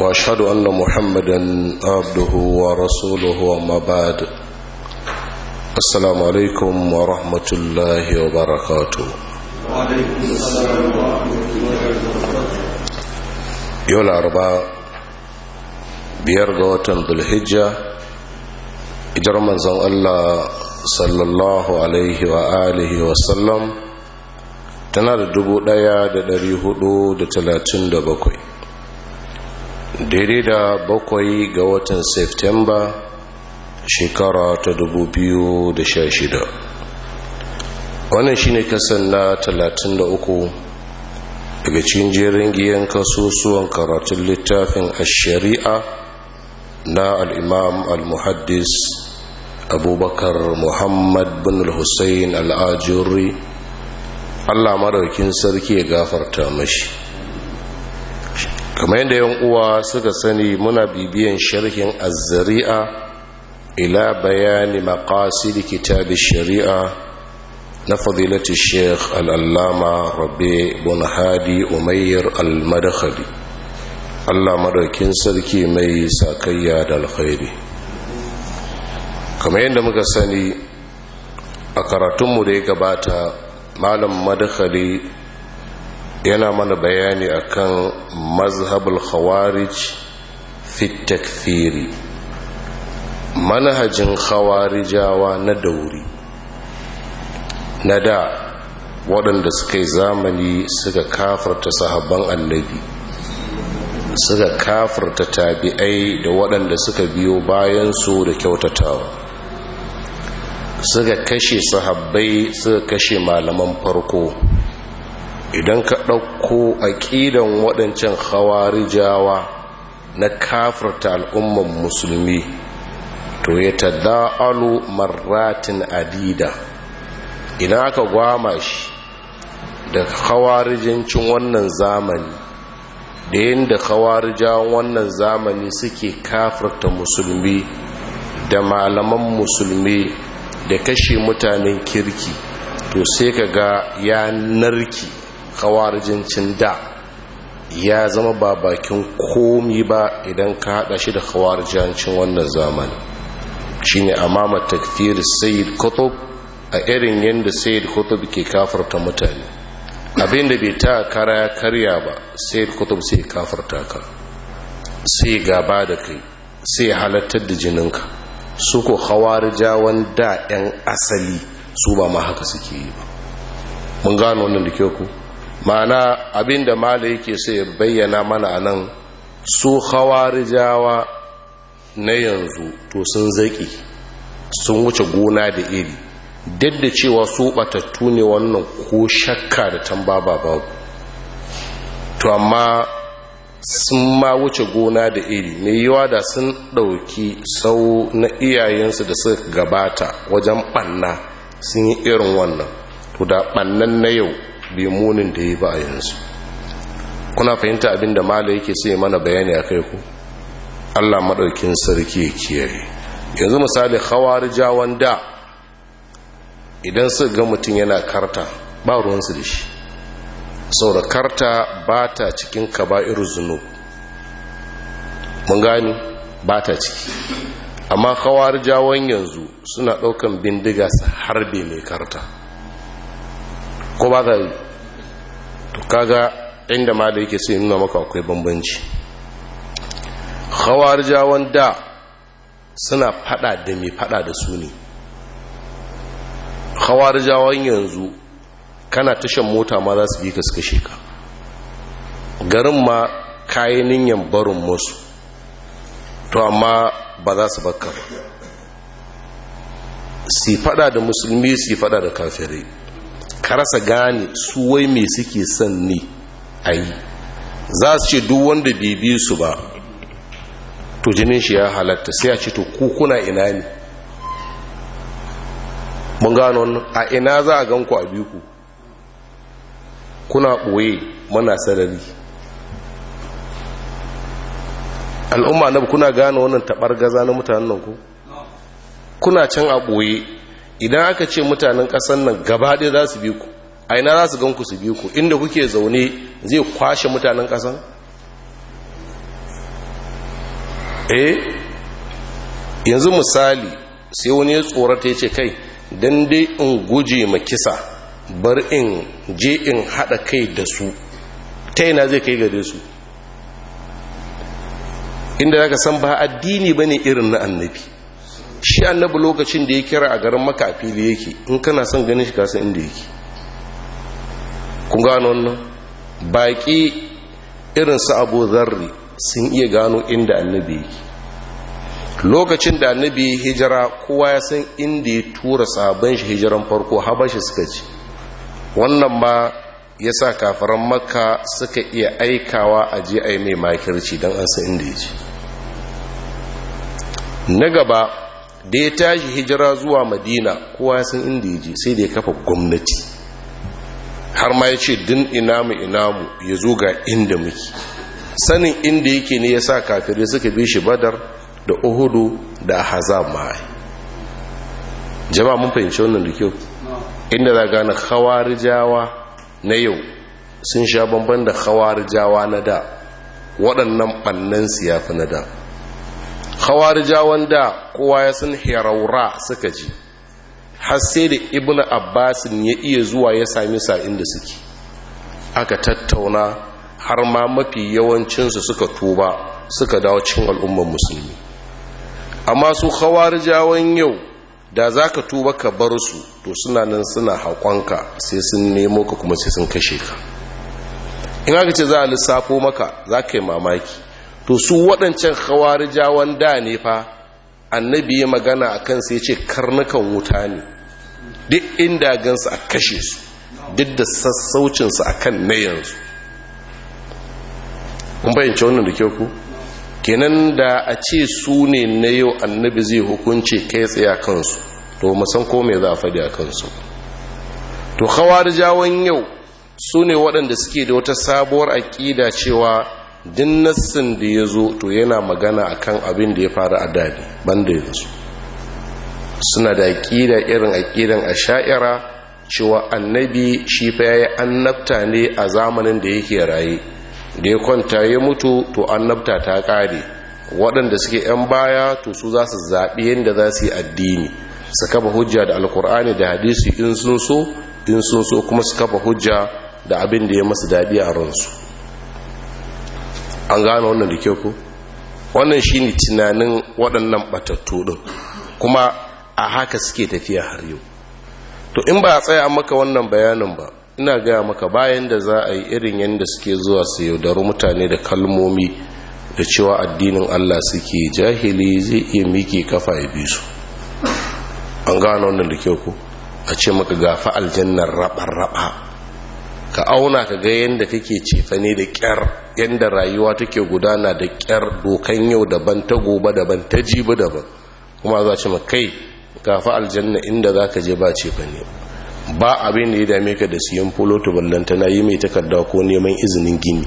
واشهد ان محمدا عبده ورسوله وما بعد السلام عليكم ورحمه الله وبركاته وعليكم السلام ورحمه الله وبركاته يوم الاربعاء biyar ga watan dulhijja ijar manzon Allah sallallahu alaihi wa alihi wa sallam tana da dubu ɗaya da ɗari huɗu da talatin da bakwai daidai da bakwai ga watan septemba shekara ta da sha shida. wannan shine kasan na talatin da uku daga cikin jerin giyan kasusuwan karatun littafin ashari'a na al'imam al-muhaddis abubakar muhammad bin al-hussein al'ajirri allah maraukin sarki ya gafarta mashi kamar yadda yin uwa suka sani muna bibiyan sharhin azzari'a ila bayani maqasid kitab shari'a na fadilatu sheikh al'allama Rabbe rabi hadi umayyar al-madakhali Allah madaukin sarki mai sakayya da alkhairi kamar yadda muka sani a karatunmu da ya gabata malam madakhali yana mana bayani akan mazhabul khawarij fi takfiri manhajin khawarijawa na dauri na da waɗanda suka yi zamani suka kafarta sahabban annabi suka kafarta tabi'ai da waɗanda suka biyo bayan su da kyautatawa suka kashe sahabbai suka kashe malaman farko idan ka ɗauko a aƙidan waɗancan hawarijawa na kafirta al'umman musulmi to ya tadda'alu maratin adida idan aka gwama shi da hawarijancin wannan zamani da yadda hawarijawan wannan zamani suke kafirta musulmi da malaman musulmi da kashe mutanen kirki to sai ka ga ya narki cin da ya zama ba bakin komi ba idan ka haɗa shi da cin wannan zamani shine amama takfir sayid qutb a irin yadda sayid qutb ke kafarta mutane abinda bai ta kara karya ba sayid qutb sai kafarta ka sai gaba da kai sai halattar da jininka su ko khawarijawan da yan asali su ba ma haka suke yi ba mun gano wannan da kyau ku mana abinda mala yake sai ya bayyana mana nan su hawarijawa na yanzu to sun zaki sun wuce gona da iri duk da cewa su batattu ne wannan ko shakka da tamba babu to amma sun ma wuce gona da iri mai yiwa da sun ɗauki sau na iyayensu da suka gabata wajen ɓanna sun yi irin wannan to da ɓannan na yau bi munin da ya ba a yanzu kuna fahimta abin da mala yake sai mana bayani a kai ku allah maɗaukin sarki ya kiyaye yanzu misali hawar jawon da idan su ga mutum yana karta ba ruwansu da shi da karta ba ta cikin kaba'ir zunub mun gani ba ta ciki amma hawar jawon yanzu suna ɗaukan bindiga su harbe mai karta ko ba za yi to kaga inda ma da yake sai nuna maka akwai bambanci khawarijawan da suna fada da mai fada da su ne khawarijawan yanzu kana tashan mota ma za su bi ka suka sheka garin ma kayi niyan barin musu to amma ba za su bakka ba si fada da musulmi si fada da kafirai karasa gane su wai suke son ne a yi za su ce duk wanda bai bi su ba to jinin shi ya halatta sai a ce to kukuna kuna ina ne mun gano a ina za a ganku a biyu ku kuna ɓoye mana sarari al'umma na kuna gano wannan taɓar gaza na mutanen ku kuna can a ɓoye idan aka ce mutanen ƙasar nan gaba ɗaya za su bi ku a ina za su gan ku su bi ku inda kuke zaune zai kwashe mutanen ƙasar eh yanzu misali sai wani ya tsorata ya ce kai don dai in guje ma kisa bar in je in haɗa kai da su ta yana zai kai gare su inda ka san ba addini ba ne irin na annabi shi annabi lokacin da ya kira a garin makafi da yake in kana son ganin shi kasa inda yake kun gano wannan baƙi irin su abu zarri sun iya gano inda annabi yake lokacin da annabi ya hijira kowa ya san inda ya tura sabon shi hijiran farko habashi suka ci wannan ma ya sa kafaran makka suka iya aikawa a je a yi mai makirci don an san inda ya ci na gaba da ya tashi hijira zuwa madina kowa ya san inda ya je sai da ya kafa gwamnati har ma ya ce din inamu inamu ya zo ga inda muke sanin inda yake ne ya sa kafirai suka bi shi badar da uhudu da hazab ma'ai jama'a mun fahimci wannan da kyau inda za gane khawarijawa na yau sun sha bamban da khawarijawa na da waɗannan ɓannansu ya fi na da khawarija wanda kowa ya san hiraura suka ji har sai da ibnu abbas ya iya zuwa ya sami sa inda suke aka tattauna har ma mafi yawancinsu suka tuba suka dawo cikin al'ummar musulmi amma su wan yau da zaka tuba ka bar su to suna nan suna haƙonka sai sun nemo ka kuma sai sun kashe ka in aka ce za a lissafo maka za ka yi mamaki to su waɗancan jawon da ne fa annabi ya magana a kansu ya ce karnukan wuta ne duk inda gansu a kashe su duk da sassaucinsu a kan na yanzu kun bayanci wannan da kyau ku kenan da a ce su ne na yau annabi zai hukunce kai tsaye kansu to musan ko mai za a faɗi a kansu to jawon yau su ne waɗanda suke da wata sabuwar aƙida cewa din nassin da ya zo to yana magana akan abin da ya faru a dadi banda yanzu suna da aƙida irin aƙidan a sha'ira cewa annabi shi fa ya yi annabta ne a zamanin da yake raye da ya kwanta ya mutu to annabta ta ƙare waɗanda suke 'yan baya to su za su zaɓi yadda za su yi addini su kafa hujja da alkur'ani da hadisi in sun so in sun so kuma su kafa hujja da abin da ya masu daɗi a ransu an gane wannan da kyau ko wannan shine tunanin waɗannan batattu ɗin kuma a haka suke tafiya har yau to in ba a tsaya maka wannan bayanin ba ina gaya maka bayan da za a yi irin yadda suke zuwa su yaudaru mutane da kalmomi da cewa addinin Allah suke jahili zai iya miki kafa ya bi su an gano wannan da kyau ko a ce maka gafa aljannar raɓar-raɓa ka auna ka ga yadda kake cefane da kyar yadda rayuwa take gudana da kyar dokan yau daban ta gobe daban ta jibi daban kuma za ci kai kafa aljanna inda za ka je ba cefane ba abin da ya dame ka da siyan fuloto na yi mai takarda ko neman izinin gini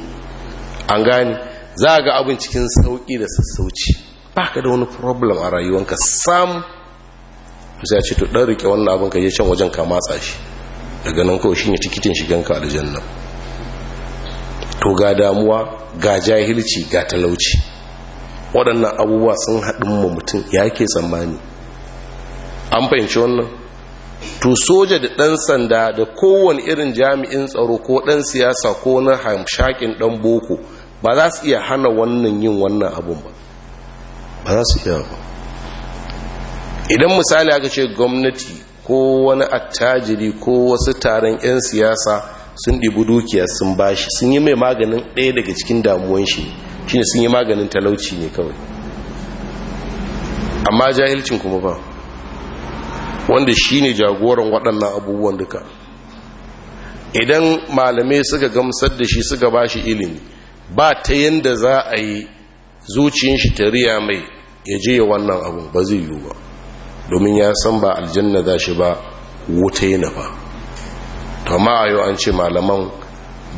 an gane za a ga abin cikin sauƙi da sassauci ba ka da wani problem a rayuwanka sam sai ce to ɗan rike wannan abin ka je can wajen ka matsa shi daga nan kawai shine tikitin shiganka aljanna to ga damuwa ga jahilci ga talauci waɗannan abubuwa sun haɗin mu mutum ya ke tsammani an fahimci wannan to soja da ɗan sanda da kowane irin jami'in tsaro ko ɗan siyasa ko na hamshakin ɗan boko ba za su iya hana wannan yin wannan abun ba ba za su iya ba idan misali aka ce gwamnati ko wani attajiri ko wasu taron 'yan siyasa sun ɗibi dukiya sun bashi sun yi mai maganin ɗaya daga cikin damuwan shi shine sun yi maganin talauci ne kawai amma jahilcin kuma ba wanda shi ne jagoran waɗannan abubuwan duka idan malamai suka gamsar da shi suka bashi ilimi ba ta yadda za a yi zuciyin shi ta riya mai ya je wannan abun ba zai yiwu ba domin ya san ba aljanna za shi ba wuta yana ba amma a yau an ce malaman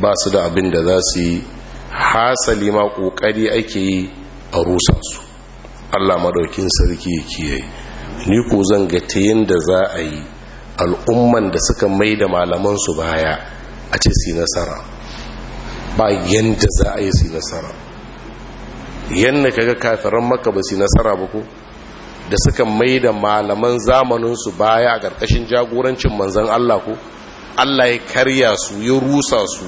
ba su da abin da za su yi hasali ma ƙoƙari ake yi a rusa su allah maɗaukin sarki ya kiyaye ni ko zan ga ta yadda za a yi al'umman da suka mai da su baya a ce su nasara ba yadda za a yi su nasara yadda kaga kafiran maka ba su nasara ba ko da suka mai da malaman zamaninsu baya a ƙarƙashin jagorancin manzan Allah ko Allah ya karya su ya rusa su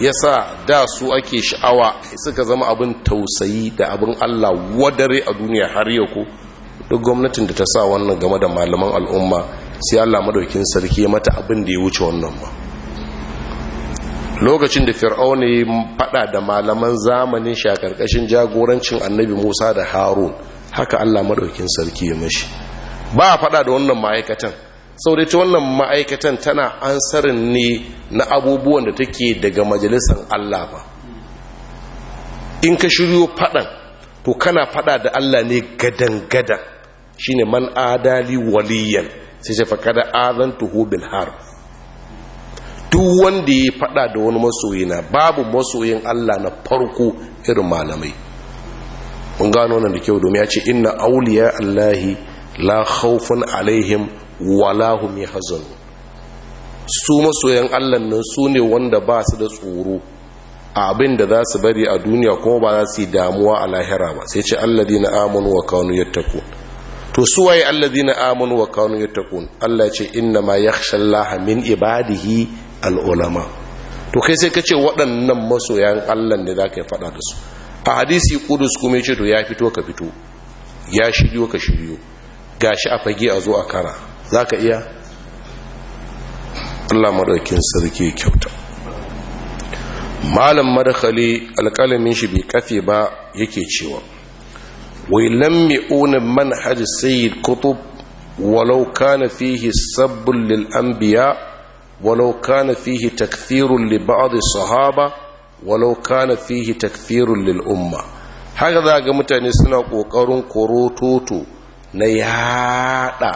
ya sa da su ake sha'awa suka zama abin tausayi da abin Allah wadare a duniya har yau ko duk gwamnatin da ta sa wannan game da malaman al'umma sai Allah madaukin sarki ya mata abin da ya wuce wannan ba lokacin da fir'auna ya faɗa da malaman zamanin shi a ƙarƙashin jagorancin annabi musa da harun haka Allah maɗaukin sarki ya mashi ba a fada da wannan ma'aikatan sau da wannan ma'aikatan tana ansarin ne na abubuwan da take daga majalisar Allah ba in ka shiryo faɗan, to kana faɗa da Allah ne gadan-gadan shine man adali waliyan sai ce faƙada adan tuho bilhar duk wanda ya faɗa da wani masoyina babu masoyin Allah na farko irin malamai mun gano nan da kyau domin ya ce inna auliya allahi la khawfun alaihim wala hum yahzanun su masoyan Allah nan su ne wanda ba su da tsoro abin da za su bari a duniya kuma ba za su yi damuwa a lahira ba sai ce alladina amanu wa kanu yattaqun to su waye alladina amanu wa kanu yattaqun Allah ce inna ma yakhsha Allah min ibadihi al ulama to kai sai kace waɗannan masoyan Allah ne zaka yi fada da su a hadisi kudus kuma ce to ya fito ka fito ya shiryo ka shiryo ga shi a fage a zo a kara za ka iya allah maɗaukin sarki kyauta malam madakali alƙalamin shi bai kafe ba yake cewa wai lamme unin manhaj sayyid kutub walau kana fihi sabbin lil anbiya walau kana fihi takfirun li ba'd sahaba walau kana fihi takfirun lil umma haka za ga mutane suna kokarin korototo na yada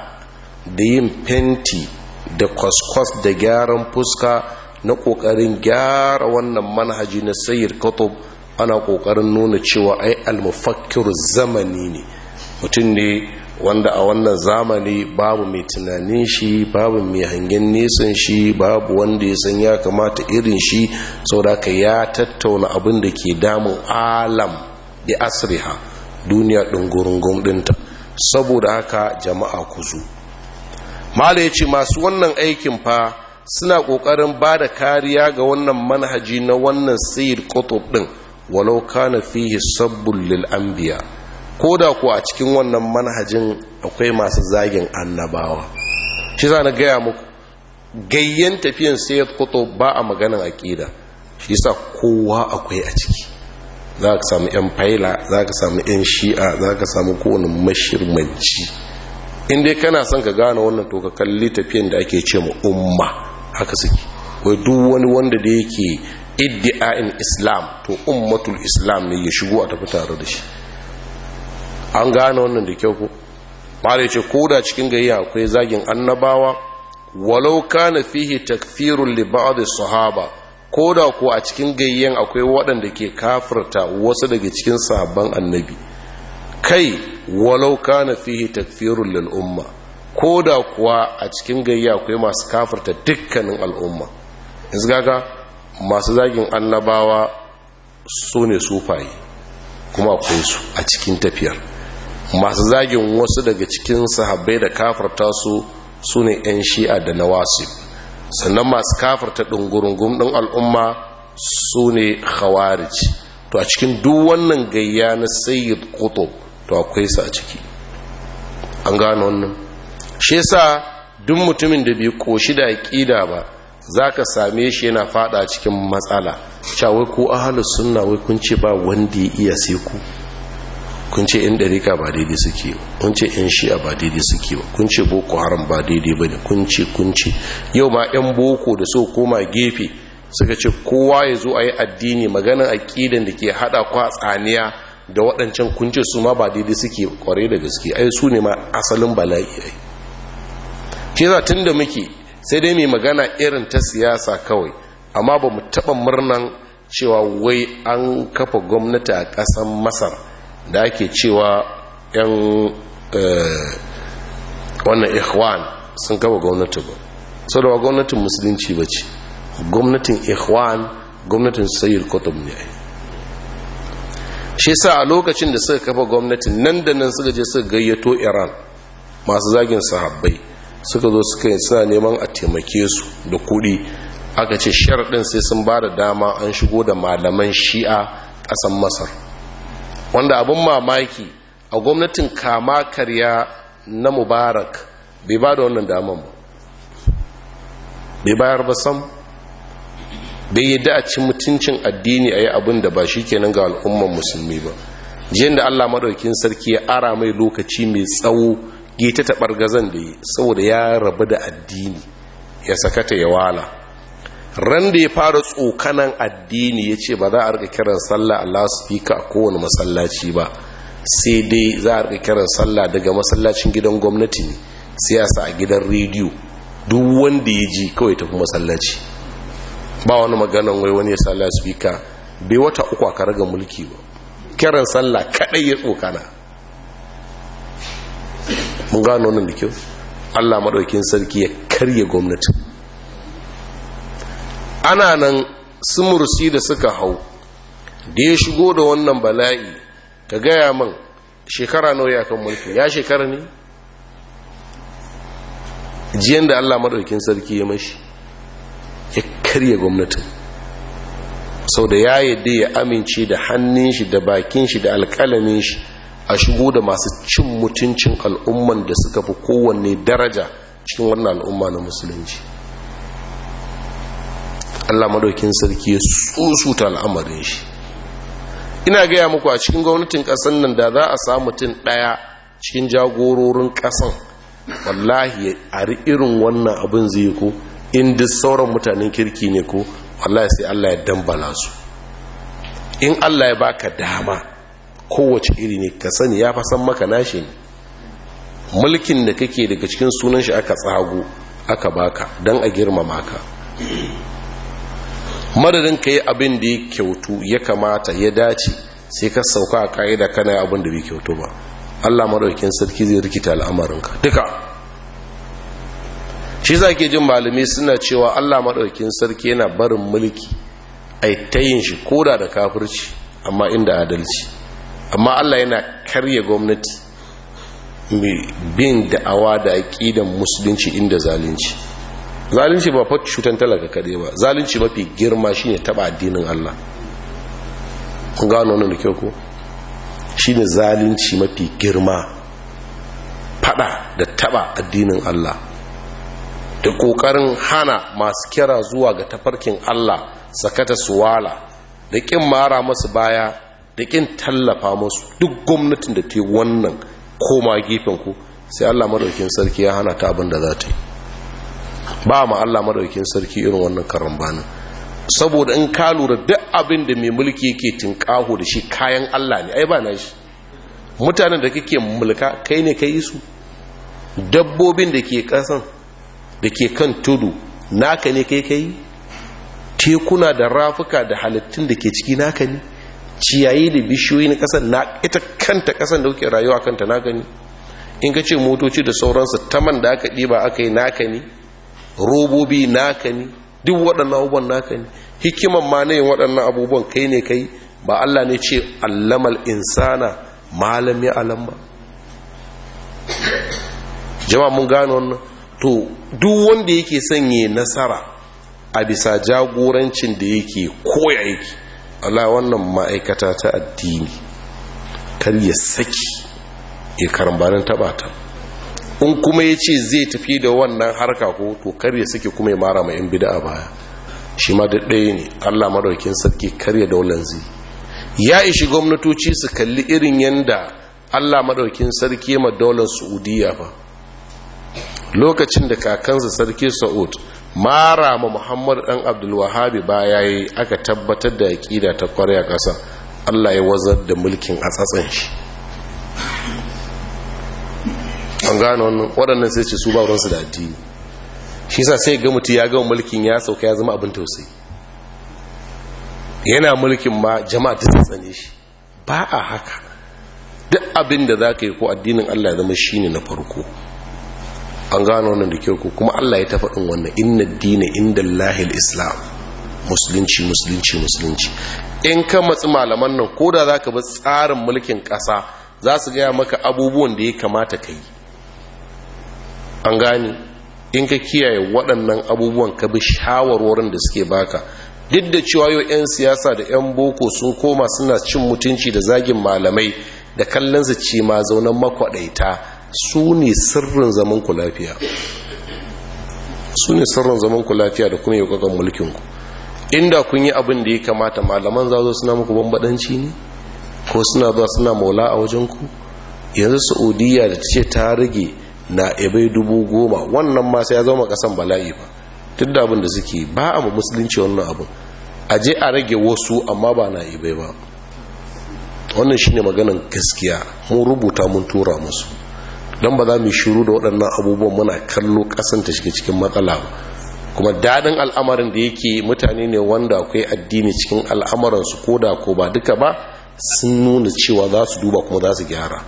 da yin fenti da kwaskwas da gyaran fuska na kokarin gyara wannan manhaji na sayyid kutub ana kokarin nuna cewa ai almufakkiru zamani ne mutum ne wanda a wannan zamani babu mai tunanin shi babu mai hangen nesan shi babu wanda ya san ya kamata irin shi saboda ya tattauna abin da ke damun alam bi asriha duniya ɗungurungun ɗinta saboda haka jama'a kuzu. zo mala ya ce masu wannan aikin fa suna ƙoƙarin ba da kariya ga wannan manhaji na wannan sayid kutub ɗin walau kana fihi sabbin lil ko da kuwa a cikin wannan manhajin akwai masu zagin annabawa shi za na gaya muku gayyen tafiyan sayyid kuto ba a maganin aƙida shi sa kowa akwai a ciki za ka samu 'yan faila za ka samu 'yan shi'a za ka samu kowane mashirmanci In inda kana son ka gane wannan to ka kalli tafiyan da ake ce ma umma haka suke wai duk wani wanda da yake iddi'a'in islam to ummatul islam ne ya shigo a tafi tare da shi an gane wannan da kyau ko. mare ce ko da cikin gayya akwai zagin annabawa walau kana fihi takfirun li ba'd sahaba ko da ko a cikin gayyan akwai waɗanda ke kafarta wasu daga cikin sabon annabi kai walau kana fihi takfirun lil umma ko da kuwa a cikin gayya akwai masu kafirta dukkanin al'umma yanzu gaga masu zagin annabawa su ne sufaye kuma akwai su a cikin tafiyar masu zagin wasu daga cikin sahabbai da kafarta su su ne 'yan shi'a da nawasib sannan masu kafarta ɗungurungun ɗin al'umma su ne khawarij to a cikin duk wannan gayya na sayyid kutub to akwai sa a ciki an gano wannan shi yasa duk mutumin da bai koshi da aƙida ba za ka same shi yana fada cikin matsala cewa ko ahalus sunna wai kun ce ba wanda ya iya sai ku kun ce in dariƙa ba daidai suke ba kun ce in shi'a ba daidai suke ba kun ce boko haram ba daidai ba ne kun ce kun ce yau ma 'yan boko da so koma gefe suka ce kowa ya zo a yi addini maganin aƙidan da ke haɗa kwa tsaniya da waɗancan kun ce su ma ba daidai suke kwarai da gaske ai su ne ma asalin bala'i ai ke za tun da muke sai dai mai magana irin ta siyasa kawai amma ba mu taɓa murnan cewa wai an kafa gwamnati a ƙasan masar da ake cewa 'yan eh, wannan ikhwan sun gaba gwamnati ba sau da gwamnatin musulunci ba ce gwamnatin ikhwan gwamnatin sayyid Kotun ne shi sa a lokacin da suka kafa gwamnatin nan da nan suka je suka gayyato iran masu zagin sahabbai suka zo suka yi suna neman a taimake su da kuɗi aka ce sharaɗin sai sun ba da dama an shigo da malaman shi'a ƙasan masar wanda abin mamaki a gwamnatin kama karya na mubarak bai ba da wannan daman ba bai bayar ba sam bai yadda a ci mutuncin addini a yi abin da ba shi kenan ga al'umman musulmi ba jiyan da allah maɗaukin sarki ya ara mai lokaci mai tsawo gita ta ɓargazan da yi saboda ya rabu da addini ya sakata ya wala ran da ya fara tsokanan addini ya ce ba za a rika kiran sallah Allah su fi a kowane masallaci ba sai dai za a rika kiran sallah daga masallacin gidan gwamnati ne siyasa a gidan rediyo duk wanda ya ji kawai tafi masallaci ba wani maganan wai wani ya sa Allah su bai wata uku a karaga mulki ba kiran sallah kadai ya tsokana mun gano nan da kyau Allah madaukin sarki ya karya gwamnatin ana nan su mursi da suka hau da ya shigo da wannan bala'i ka gaya man shekara nawa ya kan mulki ya shekara ne jiyan da allah maɗaukin sarki ya mashi ya karya gwamnatin sau da ya yadda ya amince da hannun shi da bakin shi da alkalamin shi a shigo da masu cin mutuncin al'umman da suka fi kowanne daraja cikin wannan al'umma na musulunci allah madaukin sarki ya susuta al'amarin shi ina gaya muku a cikin gwamnatin ƙasan nan da za a samu mutum ɗaya cikin jagororin ƙasan wallahi a irin wannan abin zai ko in duk sauran mutanen kirki ne ko wallahi sai allah ya dambala su in allah ya baka dama kowace iri ne ka sani ya fasan maka nashi ne mulkin da kake daga cikin sunan shi aka tsago aka baka don a girmama ka madadin ka yi abin da ya kyautu ya kamata ya dace sai ka sauka a ka'ida kana yi abin da bai kyautu ba allah maɗaukin sarki zai rikita al'amarinka duka shi za ke jin malami suna cewa allah maɗaukin sarki yana barin mulki a ta yin shi ko da kafirci amma inda adalci amma allah yana karya gwamnati bin da'awa da aƙidan musulunci inda zalunci zalunci ba fa cutar talaka kade ba zalunci mafi girma shi ne taba addinin Allah kun gano wannan da kyau ko Shi ne zalunci mafi girma faɗa da taɓa addinin Allah da ƙoƙarin hana masu kira zuwa ga tafarkin Allah sakata suwala da kin mara masu baya da ƙin tallafa masu duk gwamnatin da ta yi wannan koma gefen ku sai Allah madaukin sarki ya hana ta abin da za ta yi ba ma Allah madaukin sarki irin wannan karambanin saboda in ka lura duk abin da mai mulki yake tinkaho da shi kayan Allah ne ai ba na shi mutanen da kake mulka kai ne kai su dabbobin da ke kasan da ke kan tudu naka ne kai kai tekuna da rafuka da halittun da ke ciki naka ne ciyayi da bishiyoyi na kasan na ita kanta kasan da kuke rayuwa kanta naka ne in ka ce motoci da sauransu taman da aka ɗiba aka yi naka ne robobi naka ne duk waɗannan abubuwan naka ne hikiman ma ne waɗannan abubuwan kai ne kai ba Allah ne ce allamal insana malami ya alam ba jama'a mun gano wannan to duk wanda yake sanye nasara a bisa jagorancin da yake koya yake Allah wannan ma'aikata ta addini kar ya saki ya karambanin tabata in kuma ya ce zai tafi da wannan harka ko to karya suke kuma ya mara mai yan bida a baya shi ma da ɗaya ne allah maɗaukin sarki karya daular zai ya ishi gwamnatoci su kalli irin yadda allah maɗaukin sarki ma daular saudiya ba lokacin da kakansa sarki sa'ud mara ma muhammad dan abdulwahabi baya yi aka tabbatar da aƙida ta kwarya ƙasa allah ya wazar da mulkin a tsatsan shi an gano wannan waɗannan sai ce su ba ruwansu da addini shi sa sai ga mutu ya gama mulkin ya sauka ya zama abin tausayi yana mulkin ma jama'a ta tsane shi ba a haka duk abin da za ka yi ko addinin allah ya zama shi ne na farko an gano wannan da kyau ko kuma allah ya ɗin wannan inna dina inda lahil islam musulunci musulunci musulunci in ka matsi malaman nan ko da za ka bi tsarin mulkin ƙasa za su gaya maka abubuwan da ya kamata ka yi an gane in ka kiyaye waɗannan abubuwan ka bi shawarwarin da suke baka duk da cewa yau 'yan siyasa da 'yan boko sun koma suna cin mutunci da zagin malamai da kallon su ce ma zaunan makwaɗaita su ne sirrin zaman ku lafiya su ne sirrin zaman ku lafiya da kuma yaukakan mulkinku inda kun yi abin da ya kamata malaman za zo suna muku bambaɗanci ne ko suna zuwa suna maula a wajen ku yanzu saudiya da ce ta rage na ebe dubu goma wannan ma ya zama kasan bala'i ba tun da abin da suke ba a ma musulunci wannan abu a je a rage wasu amma ba na ebe ba wannan shine maganan gaskiya mun rubuta mun tura musu don ba za mu shiru da waɗannan abubuwan muna kallo ƙasan ta shiga cikin matsala ba kuma daɗin al'amarin da yake mutane ne wanda akwai addini cikin su ko da ko ba duka ba sun nuna cewa za su duba kuma za su gyara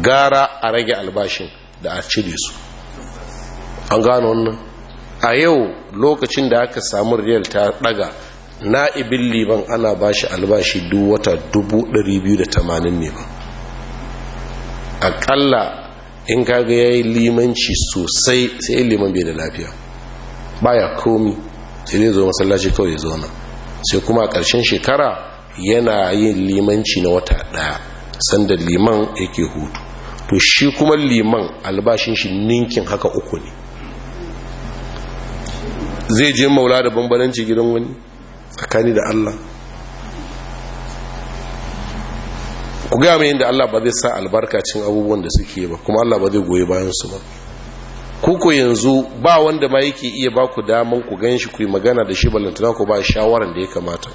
gara a rage albashin da a cire su an gano wannan a yau lokacin da aka samu riyal ta daga na'ibin liban ana ba shi albashi duk wata 280 ne ba akalla in kaga ya yi limanci sosai sai liman bai da lafiya baya komi sai dai zo masallaci kawai ya zauna sai kuma a ƙarshen shekara yana yin limanci na wata ɗaya sanda liman yake hutu to shi kuma liman albashin shi ninkin haka uku ne zai je maula da bambananci gidan wani tsakani da Allah ku gaya mai yadda Allah ba zai sa albarka cin abubuwan da suke ba kuma Allah ba zai goyi bayansu ba kuku yanzu ba wanda ma yake iya ba ku daman ku gan shi ku yi magana da shi balantana ku ba shawaran da ya kamata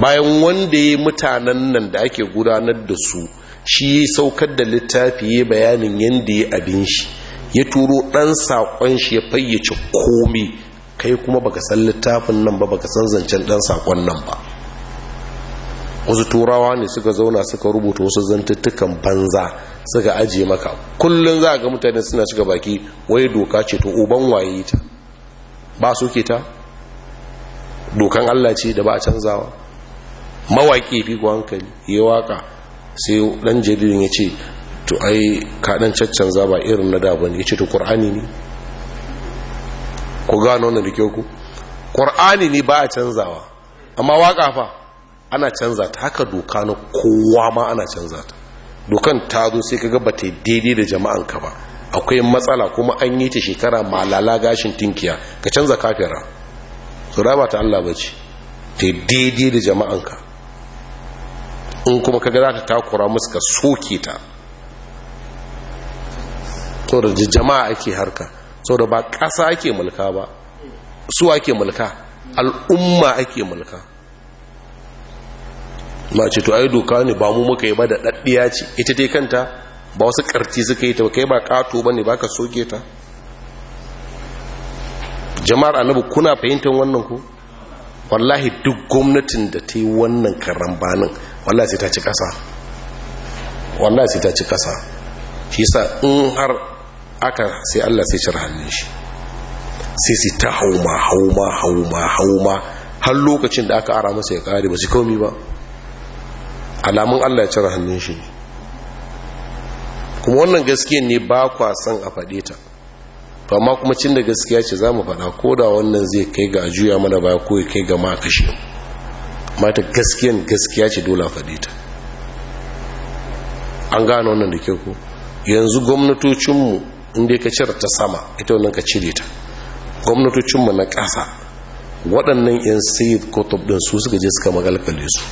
bayan wanda ya mutanen nan da ake gudanar da su shi saukar da littafi ya bayanin yadda ya abin shi ya turo ɗan saƙon shi ya fayyace komi kai kuma baka san littafin nan ba baka san zancen ɗan saƙon nan ba wasu turawa ne suka zauna suka rubuta wasu zantuttukan banza suka ajiye maka kullum za a ga mutane suna shiga baki wai doka ce to uban waye ta ba su ke ta dokan allah ce da ba a canzawa mawaƙi fi hankali ya waka sai dan jaririn ya ce to ai kaɗan caccanza ba irin na daban ya ce to ƙur'ani ne ku gano wannan da ku ƙur'ani ne ba a canzawa amma waƙa fa ana canza ta haka doka na kowa ma ana canza ta dokan ta zo sai kaga gaba ta daidai da jama'an ka ba akwai matsala kuma an yi ta shekara malala gashin tinkiya ka canza kafira su raba ta Allah bace ta daidai da jama'an ka in kuma kaga za ka takura musu ka soke ta so da jama'a ake harka so da ba ƙasa ake mulka ba su ake mulka al'umma ake mulka ma ce to ai doka ne ba mu muka yi ba da ɗaɗɗiya ce ita dai kanta ba wasu ƙarti suka yi ta kai ba ƙato ba ne ba ka soke ta jama'ar annabu kuna fahimtar wannan ku wallahi duk gwamnatin da ta yi wannan karambanin wallahi sai ta ci kasa wallahi sai ta ci kasa shi sa in har aka sai Allah sai cire hannun shi sai sai ta hauma hauma hauma hauma har lokacin da aka ara masa ya kare ba shi komi ba alamun Allah ya cire hannun shi kuma wannan gaskiya ne ba kwa san a faɗe ta to amma kuma cin da gaskiya ce za mu faɗa ko da wannan zai kai ga a juya mana ba ko ya kai ga ma kashe mata gaskiyan gaskiya ce dole faɗi ta an gano wannan da ke ku yanzu gwamnatocinmu inda ka cire ta sama ita wannan ka cire ta gwamnatocinmu na ƙasa waɗannan 'yan sayid kotob ɗin su suka je suka magalkale su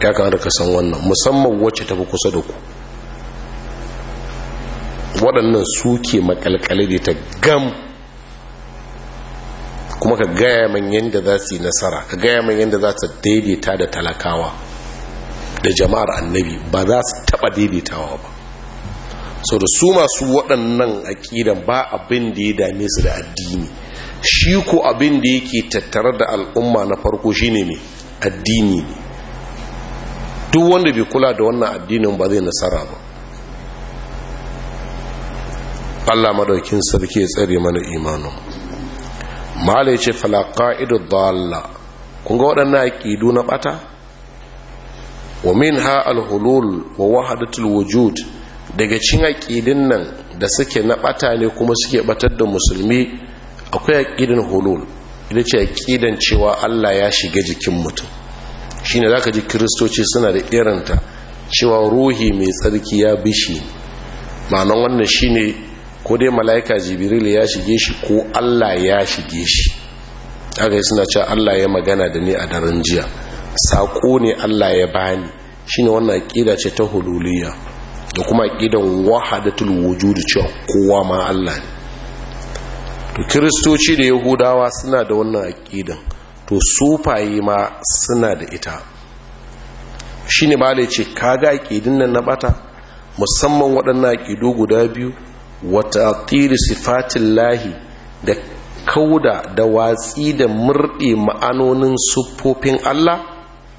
ya kamata ka san wannan musamman wacce tafi kusa da ku waɗannan suke makalkale da ta gam kuma ka gaya man yadda za su yi nasara ka gaya man yadda za su daidaita da talakawa da jama'ar annabi ba za su taba daidaitawa ba sau da su masu waɗannan aƙidan ba abin da ya dame su da addini shi ko abin da yake tattare da al'umma na farko shine ne addini ne duk wanda bai kula da wannan addinin ba zai nasara ba Allah madaukin sarki ya tsare mana imanin malai ce falaka idu dhalla kun ga waɗannan aƙidu na ɓata wa min ha alhulul wa wahadatul wujud daga cin aƙidin nan da suke na ɓata ne kuma suke ɓatar da musulmi akwai aƙidin hulul ita ce aƙidan cewa allah ya shiga jikin mutum shine za ka ji kiristoci suna da irinta cewa ruhi mai tsarki ya bishi ma'anan wannan shine ko dai mala'ika jibril ya shige shi ko allah ya shige shi yi suna cewa allah ya magana da ni a daren jiya saƙo ne allah ya bani shine wannan aƙida ce ta hululiya da kuma aƙidan wahadatul wujudu cewa kowa ma allah ne to kiristoci da yahudawa suna da wannan aƙidan to sufaye ma suna da ita shine ba ce kaga aƙidin nan na bata musamman waɗannan aƙidu guda biyu wata tiri sifatin lahi da kauda da watsi da murɗe ma'anonin siffofin Allah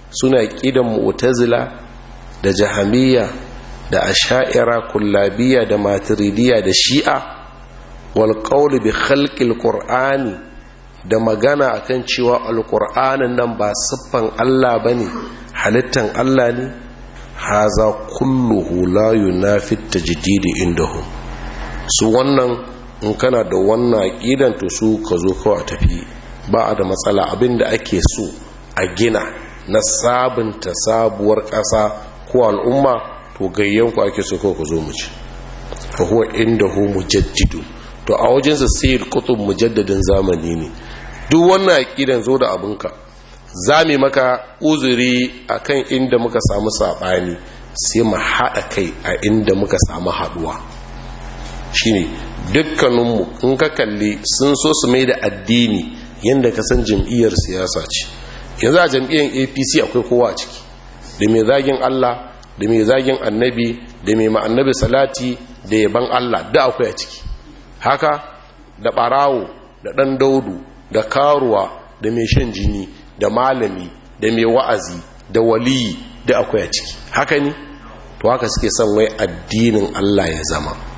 suna ƙidan mu'tazila da jahamiya da asha'ira kullabiya da matiridiya da shi'a wal bi khalqil qur'ani da magana akan cewa alqur'anin nan ba siffan Allah bane halittan Allah ne haza kulluhu la yunafi tajdidi indahum su wannan in kana da wannan aƙidan to su ka zo kawai a tafi ba a da matsala abinda da ake so a gina na sabunta sabuwar ƙasa ko al'umma to gayyanku ake so kawai ku zo mu ci fa huwa hu mujaddidu to a wajen sa sayyid qutub mujaddadin zamani ne duk wannan aƙidan zo da abinka zami maka uzuri akan inda muka samu saɓani sai mu haɗa kai a inda muka samu haɗuwa shine dukkaninmu in ka kalli sun so su mai da addini yadda ka san jam'iyyar siyasa ce yanzu a jam'iyyar apc akwai kowa a ciki da mai zagin allah da mai zagin annabi da mai ma'annabi salati da yaban allah da akwai a ciki haka da ɓarawo da ɗan daudu da karuwa da mai shan jini da malami da mai wa'azi da waliyi da akwai a ciki haka ne to haka suke son wai addinin allah ya zama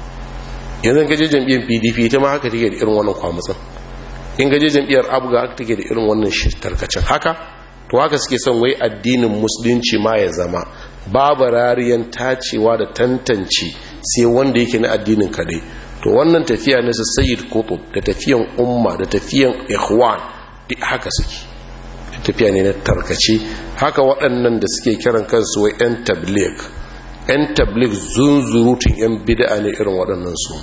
yanzu gaje jam'iyyar pdp ita ma haka take da irin wannan kwamutsin in gaje jam'iyyar abga haka take da irin wannan tarkacin haka to haka suke son wai addinin musulunci ma ya zama babu rariyan tacewa da tantance sai wanda yake na addinin kadai to wannan tafiya na sayyid kutub da tafiyan umma da tafiyan ikhwan duk haka suke tafiya ne na tarkace haka waɗannan da suke kiran kansu wai 'yan tabligh 'yan tablik zunzurutun 'yan bid'a ne irin waɗannan su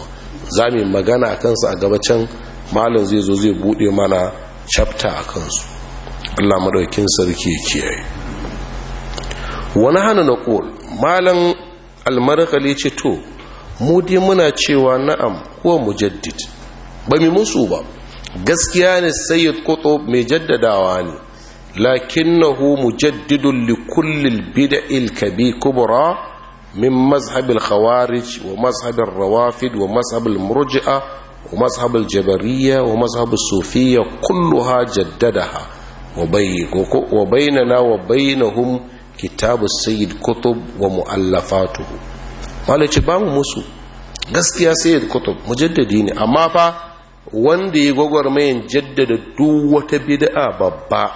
za mu magana a kansu a gabacin malin zai zo zai buɗe mana chapter a kansu allah maɗaukin sarki ya kiyaye wani hana na ƙol malin almarkali ce to mu dai muna cewa na'am ko mujaddid ba mu musu ba gaskiya ne sayyid kotso mai jaddadawa ne lakin nahu mujaddidun li kulli al kabi kubura. min mazhabin khawarij wa mazhabil rawafid wa mazhabil murji'a wa mazhabil jabariya wa mazhabil sufiya kulluha jaddadaha wa bainana wa bainahum kitabu sayyid kutub wa mu'allafatuhu malaci ba mu musu gaskiya sayyid kutub mujaddadi ne amma fa wanda ya gwagwarmayin jaddada duk wata bid'a babba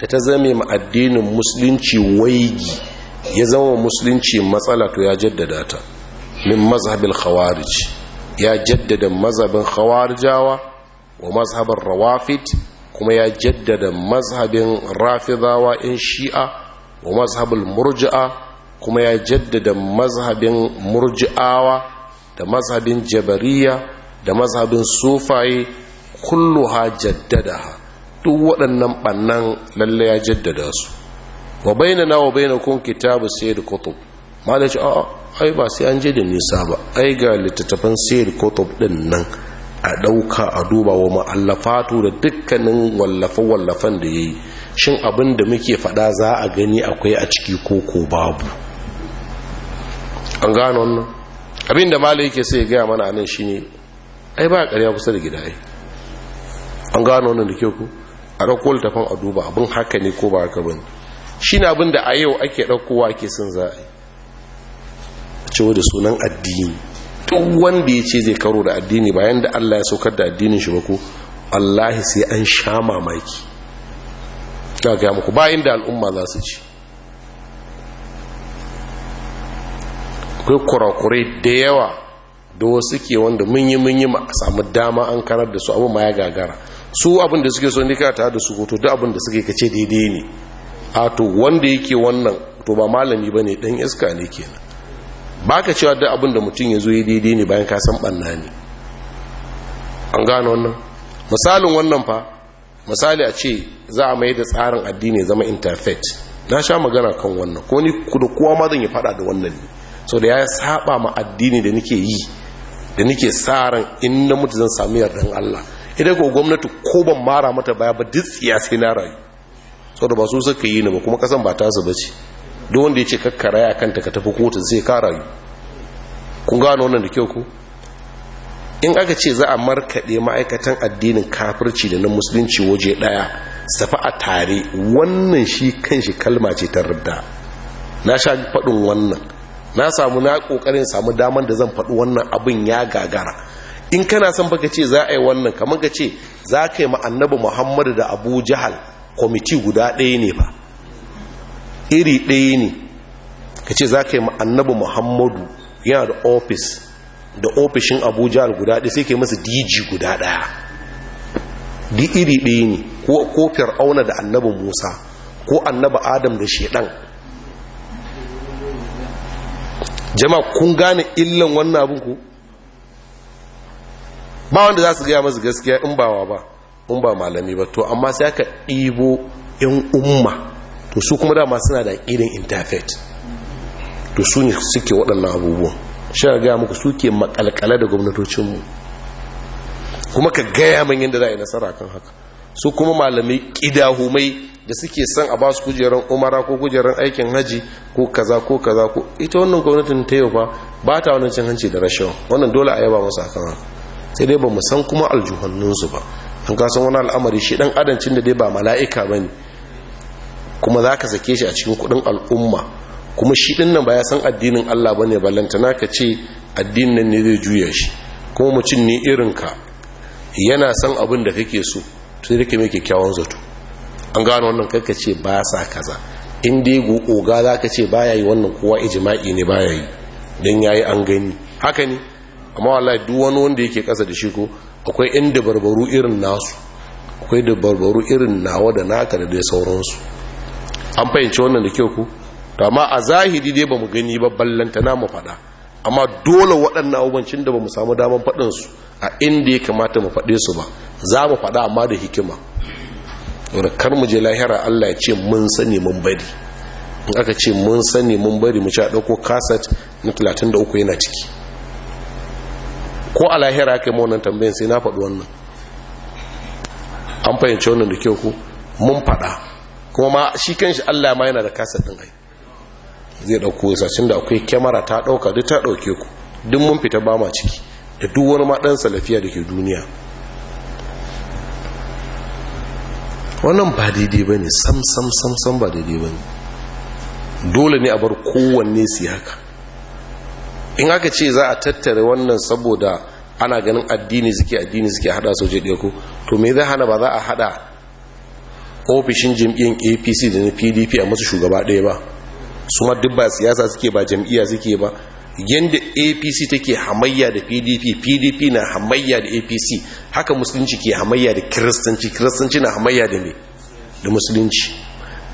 da ta zame ma addinin musulunci waigi ya zama musulunci matsala to ya jaddada ta min mazhabin khawarij ya jaddada mazhabin khawarijawa wa mazhabin rawafid kuma ya jaddada mazhabin rafidawa in shi'a wa mazhabin murji'a kuma ya jaddada mazhabin murji'awa da mazhabin jabariya da mazhabin sufaye ha jaddada duk waɗannan ɓannan lalle ya jaddada su wa bainana wa bainakum kitabu sayyid kutub malai ce a'a ai ba sai an je da nisa ba ai ga littattafan sayyid kutub din nan a dauka a duba wa ma'allafatu da dukkanin wallafa wallafan da yayi shin abin da muke fada za a gani akwai a ciki ko ko babu an gano wannan abin da malai yake sai ya gaya mana anan shine ai ba ƙarya kusa da gida ai an gano wannan da ke ku a rakol tafan a duba abin haka ne ko ba haka bane shi na abin a yau ake ɗaukowa ke sun za a yi cewa da sunan addini tun wanda ya ce zai karo da addini bayan da allah ya saukar da addinin shi bako allahi sai an sha mamaki ta gaya muku bayan da al'umma za su ci akwai kurakurai da yawa da wasu ke wanda mun yi ma samu dama an karar da su abu ma ya gagara su abin da suke so ne ka ta da su hoto duk abin da suke kace daidai ne a to wanda yake wannan to ba malami ba ne ɗan iska ne kenan ba ka cewa da abin da mutum ya zo ya daidai ne bayan ka san ɓanna ne an gano wannan misalin wannan fa misali a ce za a mai da tsarin addini zama interfaith na sha magana kan wannan ko ni da kowa ma zan yi fada da wannan ne so da ya saba ma addini da nake yi da nake tsarin in na mutu zan sami yardan Allah idan ko gwamnati ko ban mara mata baya ba duk siya sai na rayu sau da ba su suka yi ni ba kuma kasan ba ta su bace duk wanda ya ce kakkara ya kanta ka tafi kotu zai kara yi kun gano wannan da kyau ku in aka ce za a markaɗe ma'aikatan addinin kafirci da na musulunci waje ɗaya safa a tare wannan shi kan shi kalma ce ta rudda na sha faɗin wannan na samu na ƙoƙarin samu damar da zan faɗi wannan abin ya gagara in kana son baka ce za a yi wannan kamar ka ce za ka yi ma'annabi muhammadu da abu jahal kwamiti guda ɗaya ne ba iri ɗaya ne ka ce za ka yi annabi muhammadu yana da ofis da ofishin abuja guda ɗaya sai ka yi masa diji guda ɗaya di iri ɗaya ne ko auna da annabi musa ko annabu adam da shedan jama kun gane illan wannan abin ba wanda za su gaya masu gaskiya in bawa ba in ba malami ba to amma sai aka ɗibo 'yan umma to su kuma dama suna da irin interfet to su ne suke waɗannan abubuwan shi ga muku suke makalkala da gwamnatocinmu kuma ka gaya man yadda za a yi nasara kan haka su kuma ƙida ƙidahumai da suke son a ba su kujerar umara ko kujerar aikin haji ko kaza ko kaza ko ita wannan gwamnatin ta yau fa ba ta wannan cin hanci da rashawa wannan dole a yaba masu akan haka sai dai ba mu san kuma su ba an kasan wani al'amari shi dan adancin da dai ba mala'ika ba ne kuma za ka sake shi a cikin kudin al'umma kuma shi din nan ba ya san addinin allah ba ne ballantana ka ce addinin ne zai juya shi kuma mutum ne irinka yana san abin da kake so sai kake mai kyakkyawan zato an gano wannan ka ce ba sa kaza in dai oga za ka ce baya yi wannan kowa ijima'i ne baya yi don ya yi an gani haka ne amma wallahi duk wani wanda yake kasa da shi ko akwai inda dabarbaru irin nasu akwai dabarbaru irin nawa da naka da dai sauransu an fahimci wannan da kyau ku to amma a zahiri dai ba mu gani ba ballanta na mu faɗa amma dole waɗannan abubancin da ba mu samu damar su a inda ya kamata mu faɗe su ba za mu faɗa amma da hikima wadda kar mu je lahira allah ya ce mun sani mun bari in aka ce mun sani mun bari mu ci a ɗauko kasat na 33 yana ciki ko a lahira ake mu tambayin sai na faɗi wannan an fahimci wannan da kyau ko mun faɗa kuma ma shi kan shi Allah ma yana da kasa ɗin ai zai ɗauko yasa sashen da akwai kyamara ta ɗauka duk ta ɗauke ku duk mun fita ba ma ciki da duk wani ma lafiya salafiya ke duniya wannan ba daidai ne sam sam sam sam ba daidai ba ne. dole ne a bar kowanne su yi haka in aka ce za a tattare wannan saboda ana ganin addini suke addini suke hada soje ɗaya ko to me zai hana ba za a hada ofishin jam'iyyar apc da na pdp a masu shugaba ɗaya ba su ma duk ba siyasa suke ba jam'iyya suke ba yadda apc take hamayya da pdp pdp na hamayya da apc haka musulunci ke hamayya da kiristanci kiristanci na hamayya da musulunci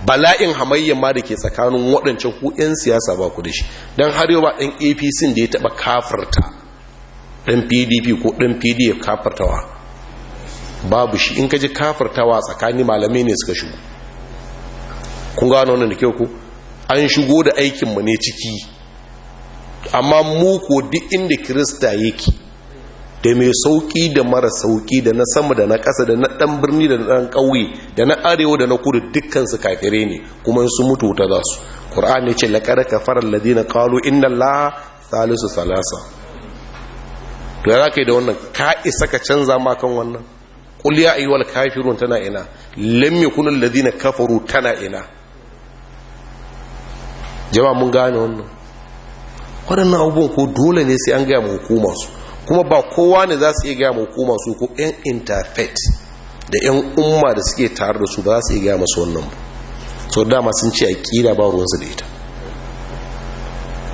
bala'in hamayyar ma da ke tsakanin waɗancan ku 'yan siyasa ba ku da shi don har yau ba ɗan apc da ya taɓa kafarta ɗan pdp ko ɗan pdf kafartawa babu shi in ka kafartawa tsakanin malamai ne suka shigo kun gano wannan da kyau ku an shigo da aikinmu ne ciki amma mu ko duk inda kirista yake da mai sauki da mara sauki da na sama da na ƙasa da na dan birni da na kauye ƙauye da na arewa da na kudu dukkansu kafire ne kuma su mutu ta za su Qur'an ne ce laƙar kafara alladina qalu inna allaha salisu salasa to ya ka da wannan ka isa ka canza ma kan wannan qul ya ayyuwal kafirun tana ina lam yakunu alladina kafaru tana ina jama'a mun gane wannan waɗannan abubuwan ko dole ne sai an gaya ma hukuma su kuma ba kowa ne za su iya gaya hukuma su ko 'yan interfet da 'yan umma da suke tare da su ba za su iya gaya masu wannan ba so dama sun ce a kida ba ruwansu da ita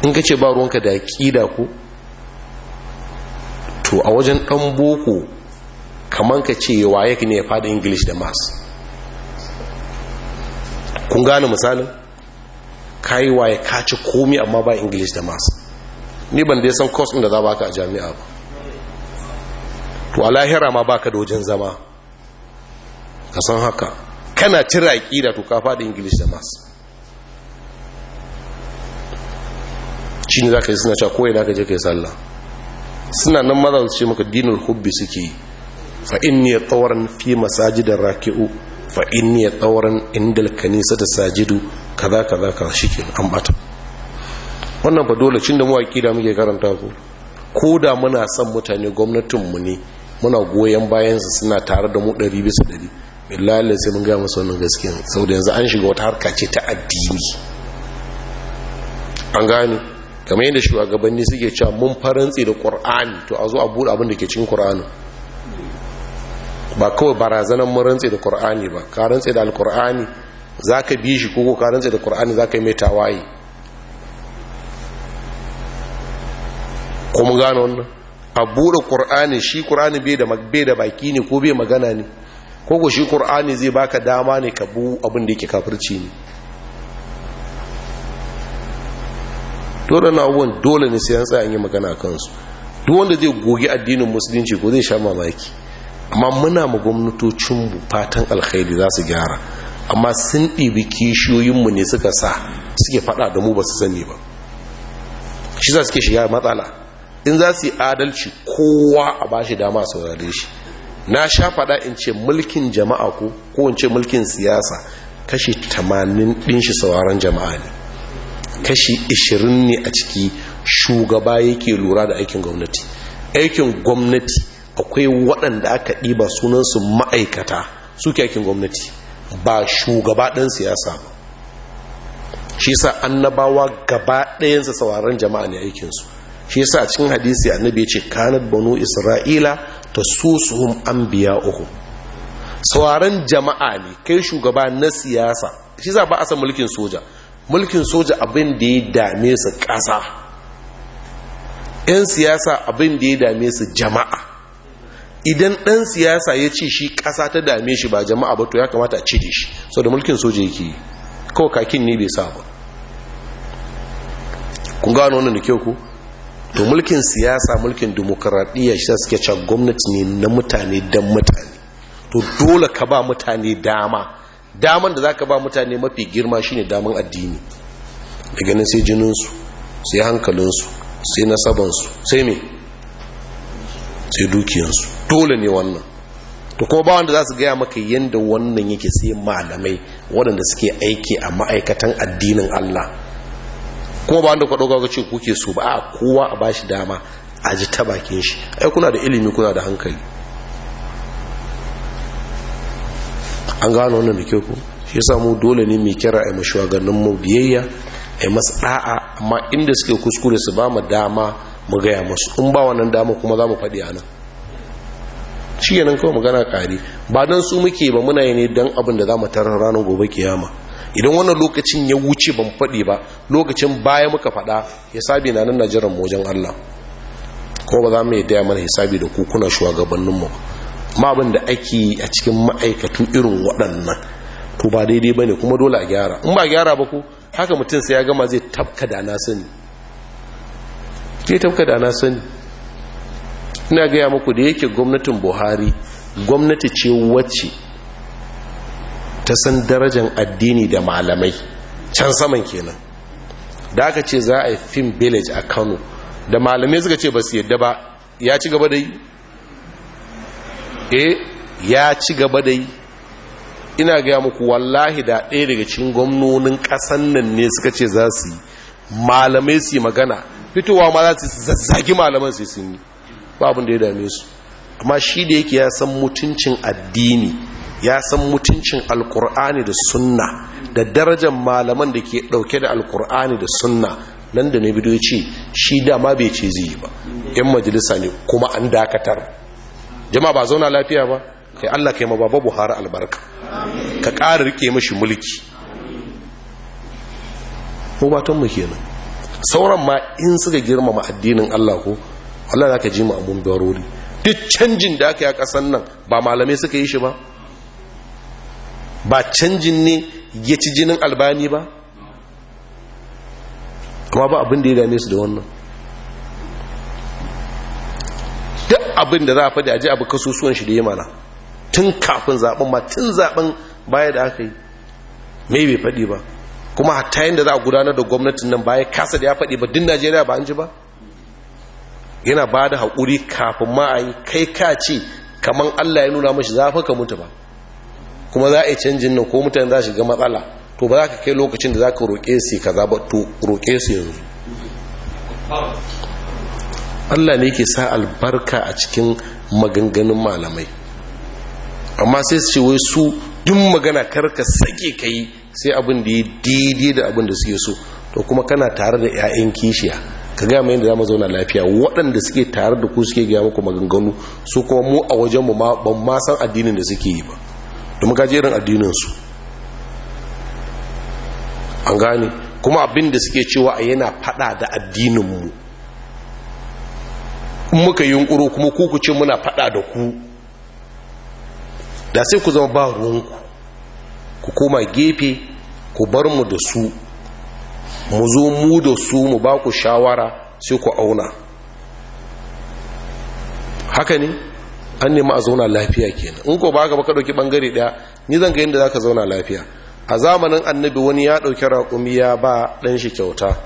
in ka ce ba ruwanka da kida ku, to a wajen ɗan boko kamar ka ce waye ne ya faɗi english da mass kun gane misalin kayi waye ka komi amma ba english da mass ni ban dai san course din da za ba a jami'a ba to a lahira ma baka da wajen zama ka san haka kana cira aƙida to ka faɗi ingilish da masu shi ne za ka yi suna cewa kowai da ka je ka yi tsalla suna nan maza su ce maka dinar hubbi suke yi fa inni ya tsawaran fi masajidar raki'u fa’in ne ya tsawaran indal kanisa da sajidu ka za ka za ka shi ke an bata wannan ba dole cin da mu aƙida muke karanta ko da muna son mutane gwamnatinmu ne muna goyon bayansu suna tare da mu ɗari bisa ɗari billahi sai mun gaya masu wannan gaskiya da yanzu an shiga wata harka ce ta addini an gane kamar yadda shugabanni suke cewa mun farantsi da ƙur'ani to a zo a buɗe abin da ke cikin ƙur'ani ba kawai barazanar mun rantsi da ƙur'ani ba ka rantsi da alƙur'ani za ka bi shi koko ka rantsi da ƙur'ani za ka yi mai tawaye kuma gane wannan a buɗe ƙur'ani shi Kur'ani bai da baki ne ko bai magana ne ko shi ƙur'ani zai baka dama ne ka bu abin da yake kafirci ne dole na abubuwan dole ne siyan an yi magana kansu duk wanda zai gogi addinin musulunci ko zai sha mamaki amma muna ma gwamnatocinmu fatan alkhairi za su gyara amma sun ɗibi kishiyoyinmu ne suka sa suke faɗa da mu ba su sani ba shi za suke shiga matsala in za su yi adalci kowa a ba shi dama a saurare shi na sha faɗa in ce mulkin jama'a ko ko in ce mulkin siyasa kashi 80 ɗin shi sauraron jama'a ne kashi 20 ne a ciki shugaba yake lura da aikin gwamnati aikin gwamnati akwai waɗanda aka ɗiba sunansu ma'aikata suke aikin gwamnati ba shugaba ɗan siyasa ba shi sa annabawa gaba ɗayansa sauraron jama'a ne aikinsu shi yasa cikin hadisi annabi ya ce kanat banu isra'ila ta susuhum anbiya'uhum sauraron jama'a ne kai shugaba na siyasa shi za ba a san mulkin soja mulkin soja abin da ya dame su ƙasa 'yan siyasa abin da ya dame su jama'a idan ɗan siyasa ya ce shi ƙasa ta dame shi ba jama'a ba to ya kamata a ci da shi sau da mulkin soja yake yi kawai kakin ne bai sa ba kun gano wannan da kyau ku to mulkin siyasa mulkin demokradiyya shi suke can gwamnati ne na mutane don mutane to dole ka ba mutane dama daman da za ka ba mutane mafi girma shine daman addini daga ganin sai jininsu sai hankalinsu sai nasabansu sai me sai dukiyansu dole ne wannan to kuma ba wanda za su gaya maka yadda wannan yake sai malamai waɗanda suke aiki a ma'aikatan addinin allah kuma ba wanda kwaɗo ga ce kuke so ba a kowa a ba shi dama a ji ta bakin shi ai kuna da ilimi kuna da hankali an gano wannan da kyau ku shi samu dole ne mai kira ai mashugabannin mu biyayya a masu da'a amma inda suke kuskure su ba mu dama mu gaya masu, in ba wannan dama kuma za mu faɗi a nan shi yanan kawai magana kari. ba don su muke ba muna yi ne don abin da za mu tarar ranar gobe kiyama idan wannan lokacin ya wuce ban faɗi ba lokacin baya muka faɗa hisabi na nan najiran wajen Allah ko ba za mu daya mana hisabi da kukuna shugabanninmu ma abin da ake a cikin ma'aikatu irin waɗannan to ba daidai ba ne kuma dole a gyara in ba gyara ba ko haka mutum sai ya gama zai tafka da na sani zai tafka da na sani ina gaya muku da yake gwamnatin buhari gwamnati ce wacce ta san darajan addini da malamai can saman kenan da aka ce za a yi fim village a kano da malamai suka ce ba su yadda ba ya ci gaba da yi e ya ci gaba da yi ina gaya muku wallahi da ɗaya daga cikin gwamnonin ƙasan nan ne suka ce za su yi malamai su yi magana fitowa ma za su zazzagi malaman su sun yi ba da ya dame su amma shi da yake ya san mutuncin addini ya san mutuncin alkur'ani da sunna da darajar malaman da ke dauke da alkur'ani da sunna nan da na bido ce shi dama bai ce zai yi ba yan majalisa ne kuma an dakatar jama ba zauna lafiya ba kai allah kai mababa buhari albarka ka ƙara rike mashi mulki mu muke nan. sauran ma in suka girmama addinin allah ko allah za ka ji ma abun duk canjin da aka yi a ƙasan nan ba malamai suka yi shi ba ba canjin ne ya ci jinin albani ba Kuma ba abin da ya dame su da wannan duk abin da za a faɗi a ji abu kasusuwan shi da ya mana tun kafin zaben ma tun zaben baya da aka yi mai bai faɗi ba kuma hatta yin da za a gudanar da gwamnatin nan baya kasa da ya faɗi ba duk najeriya ba an ji ba yana ba da haƙuri kafin ma a yi kai ka ce kamar allah ya nuna mashi zafi ka mutu ba kuma za a yi canjin nan ko mutane za su shiga matsala to ba za ka kai lokacin da za ka roƙe su za ba to roƙe su yanzu Allah ne ke sa albarka a cikin maganganun malamai amma sai su ce wai su duk magana karka sake ka yi sai abin da ya daidai da abin da suke so to kuma kana tare da 'ya'yan kishiya ka gaya mai yadda za mu zauna lafiya waɗanda suke tare da ku suke gaya muku maganganu su kuma mu a wajenmu ba ban ma san addinin da suke yi ba da kaji addininsu an gane kuma abin da suke cewa a yana fada da addininmu in muka yi yunkuro kuma ku ku ce muna fada da ku da sai ku zama ba ruwanku ku koma gefe ku bar mu da su mu zo mu da su mu ba ku shawara sai ku auna haka ne an nemi a zauna lafiya kenan in ko ba ka baka dauki bangare daya ni zan ga yadda zaka zauna lafiya a zamanin annabi wani ya dauki raƙumi ya ba dan shi kyauta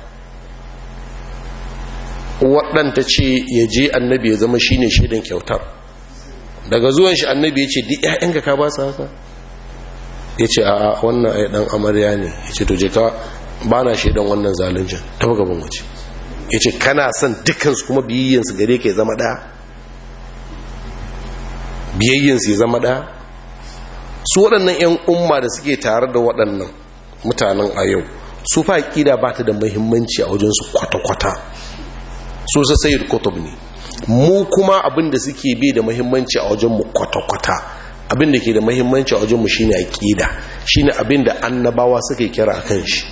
waɗanta ce ya je annabi ya zama shine shaidan kyautar daga zuwan shi annabi ya ce duk ƴaƴan ka ba su haka ya ce a wannan ai dan amarya ne ya ce to je ka ba na shaidan wannan zaluncin ta ban wuce. ya ce kana son dukansu kuma su gare ka ya zama daya su ya zama ɗaya su waɗannan 'yan umma da suke tare da waɗannan mutanen a yau su fa ƙida ba ta da muhimmanci a wajensu kwata-kwata su sa sayar kutub ne mu kuma abinda da suke bi da muhimmanci a wajenmu kwata-kwata abin ke da muhimmanci a wajenmu shine a ƙida shine abin da annabawa suka kira a kan shi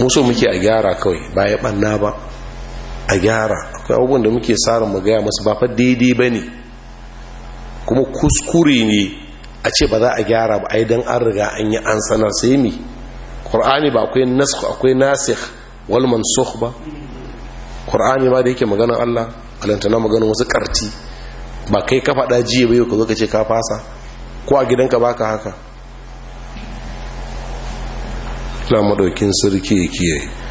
mu so muke a gyara kawai ba ya banna ba a gyara akwai abubuwan da muke tsarin mu gaya masu ba fa daidai ba ne kuma kuskure ne a ce ba za a gyara ba ai don an riga an yi an sanar sai mi ƙur'ani ba akwai nasu akwai nasir wal ba ƙur'ani ma da yake maganar allah alantana maganar wasu ƙarti ba kai ka faɗa jiya ba yau ka zo ka ce ka fasa ko a gidanka baka haka Allah madaukin sarki ya kiyaye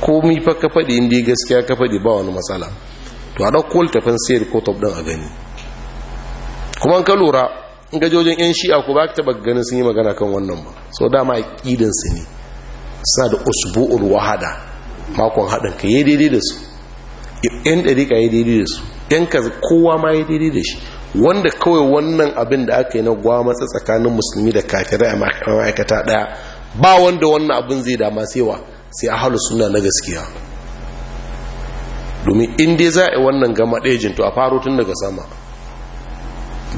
komi fa ka faɗi gaskiya ka faɗi ba wani matsala to a ɗauko littafin sayar ko top ɗin a gani kuma ka lura in ga jojin yan shi'a ko ba ka taɓa ganin sun yi magana kan wannan ba so dama aƙidan su ne sa da usbu'ul wahada makon haɗin ka yi daidai da su yan ka yi daidai da su yan ka kowa ma yi daidai da shi wanda kawai wannan abin da aka yi na gwamnati tsakanin musulmi da kafirai a ma'aikata ɗaya ba wanda wannan abin zai dama sewa sai a halu suna na gaskiya domin inda za a yi wannan gama ɗajin to a faru tun daga sama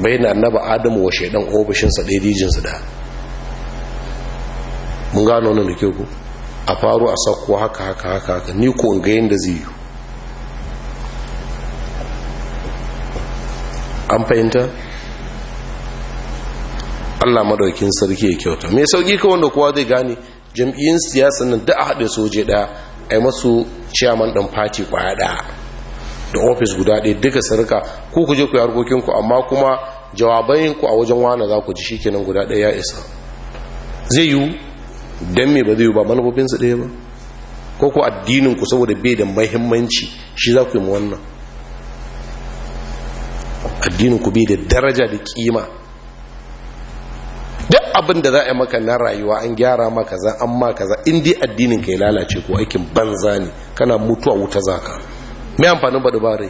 bai na naba adamu wa shaidan ofishinsa ɗaya dijinsu da mun gano nan da kyau ku a faru a sakko haka haka haka haka ni ko ga yin da zai yi an fahimta allah madaukin sarki ya kyauta mai sauƙi ka wanda kowa zai gane jam'iyyun siyasa nan da a haɗe soje ɗaya ai yi masu ciyaman ɗan fati kwaya ɗaya da ofis guda ɗaya duka sarka ko ku je ku yi harkokinku amma kuma jawabanku a wajen wana za ku ji shikenan guda ɗaya ya isa zai yiwu don me ba zai yiwu ba su ɗaya ba ko ku addininku saboda bai da muhimmanci, shi za ku yi wannan ku bai da daraja da kima abin da za a yi maka na rayuwa an gyara maka za an ma kaza in dai addinin ka ya lalace ko aikin banza ne kana mutuwa wuta za ka mai amfanin badu bare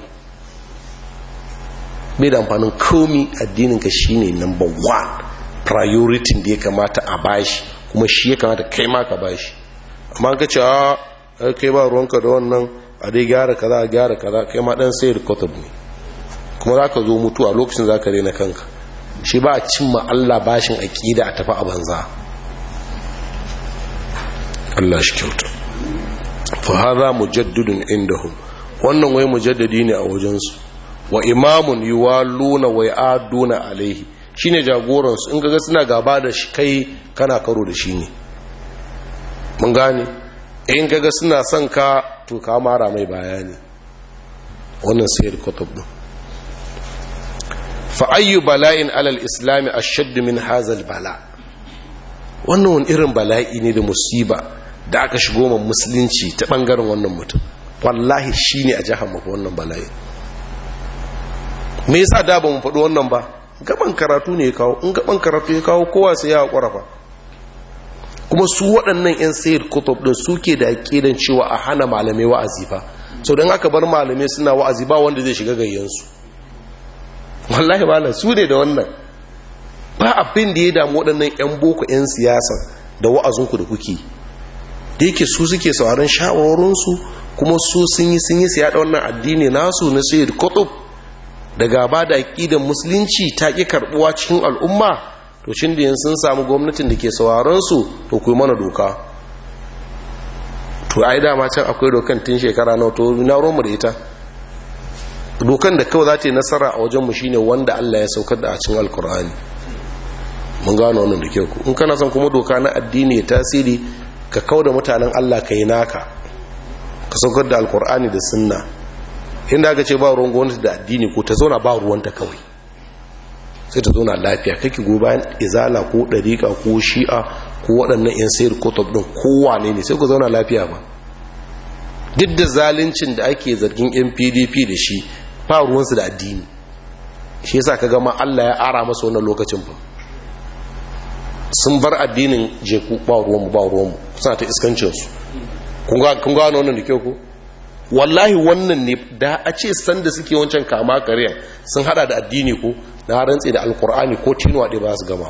mai da amfanin komi addinin ka ne number one priority da ya kamata a bashi kuma shi ya kamata kai ma ka bashi amma ka ce a ah, kai ba ruwanka da wannan a dai gyara kaza a gyara kaza kai ma dan sayar kotub ne kuma za ka zo mutuwa lokacin za ka rena kanka shi ba a cimma Allah bashin aƙida a tafi a banza Allah shi kyauta fahaza mujaddidun indahum wannan wai mujaddadi ne a wajensu wa imamun yuwaluna wa adona alaihi shine jagoransu in kaga suna gaba da shi kai kana karo da shi ne mun gane eh, in kaga suna son ka to ka mara mai bayani wannan sayyid kutub fa bala'in alal islami ashaddu min hazal bala wannan irin bala'i ne da musiba da aka shigo ma musulunci ta bangaren wannan mutum wallahi shine a jihar mafi wannan bala'i me yasa da ba mu faɗi wannan ba gaban karatu ne ya kawo in gaban karatu ya kawo kowa sai ya haƙura fa kuma su waɗannan 'yan sayar kutub ɗin suke da aƙidan cewa a hana malamai wa'azi ba? sau don aka bar malamai suna wa'azi ba wanda zai shiga gayyansu wallahi malam su ne da wannan ba abin da ya damu waɗannan 'yan boko 'yan siyasa da wa'azinku da kuke da yake su suke sauran sha'awarinsu kuma su sun yi sun yi siya da wannan addini nasu na sayar kutub da gaba da aƙidan musulunci ta ƙi karɓuwa cikin al'umma to shin da sun samu gwamnatin da ke sauransu to ku mana doka to ai dama can akwai dokan tun shekara na to na romu da ita dokan da kawai za ta yi nasara a wajenmu shine wanda Allah ya saukar da a cikin alkur'ani mun gano wannan da kyau ku in kana son kuma doka na addini ya tasiri ka kawo da mutanen Allah ka yi naka ka saukar da alkur'ani da sunna inda aka ce ba ruwan gwamnati da addini ko ta zauna ba ta kawai sai ta zauna lafiya kake go bayan izala ko ɗarika ko shi'a ko waɗannan yan sayar kotob ɗin ko ne ne sai ku zauna lafiya ba duk da zaluncin da ake zargin yan da shi ba da addini shi yasa ka gama Allah ya ara masa wannan lokacin ba sun bar addinin jeku ba ruwanmu suna ta iskancinsu kun gano wannan da kyau ko wallahi wannan ne da a ce sanda suke wancan kama kariya sun hada da addini ko na rantse da alkur'ani ko tenuwa ɗaya ba su gama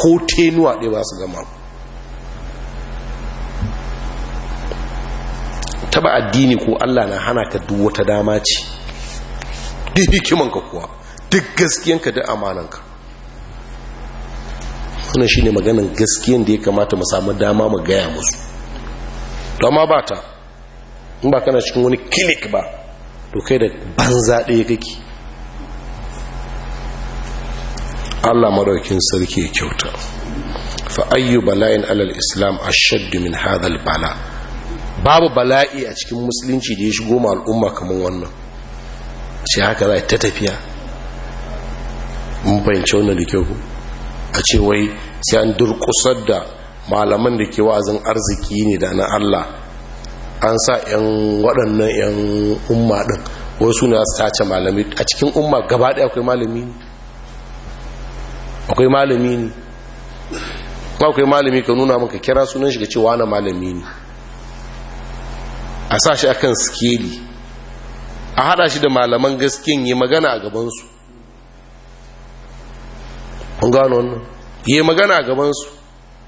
ko tenuwa ɗaya ba su gama ba taba addini ko Allah na hana ka duk wata dama ce duk hikimanka kuwa duk gaskiyanka duk amananka wannan shine maganan gaskiyan da ya kamata mu samu dama mu gaya musu to amma ba in ba kana cikin wani kilik ba to kai da banza ɗaya kake Allah madaukin sarki ya kyauta fa ayyu bala'in alal islam ashaddu min hadha al bala' babu bala'i a cikin musulunci da ya shigo ma al'umma kamar wannan sai haka za ta tafiya mun fahimci wannan da kyau a ce wai sai an durkusar da malaman da ke wa'azin arziki ne da na Allah an sa 'yan waɗannan 'yan umma ɗin wasu na sace malami a cikin umma gaba ɗaya akwai malami ne akwai malami ne akwai malami ka nuna maka kira sunan shiga cewa na malami ne a sa shi akan skeli a hada shi da malaman gaskiyan yi magana a gabansu kun gano wannan yi magana a gabansu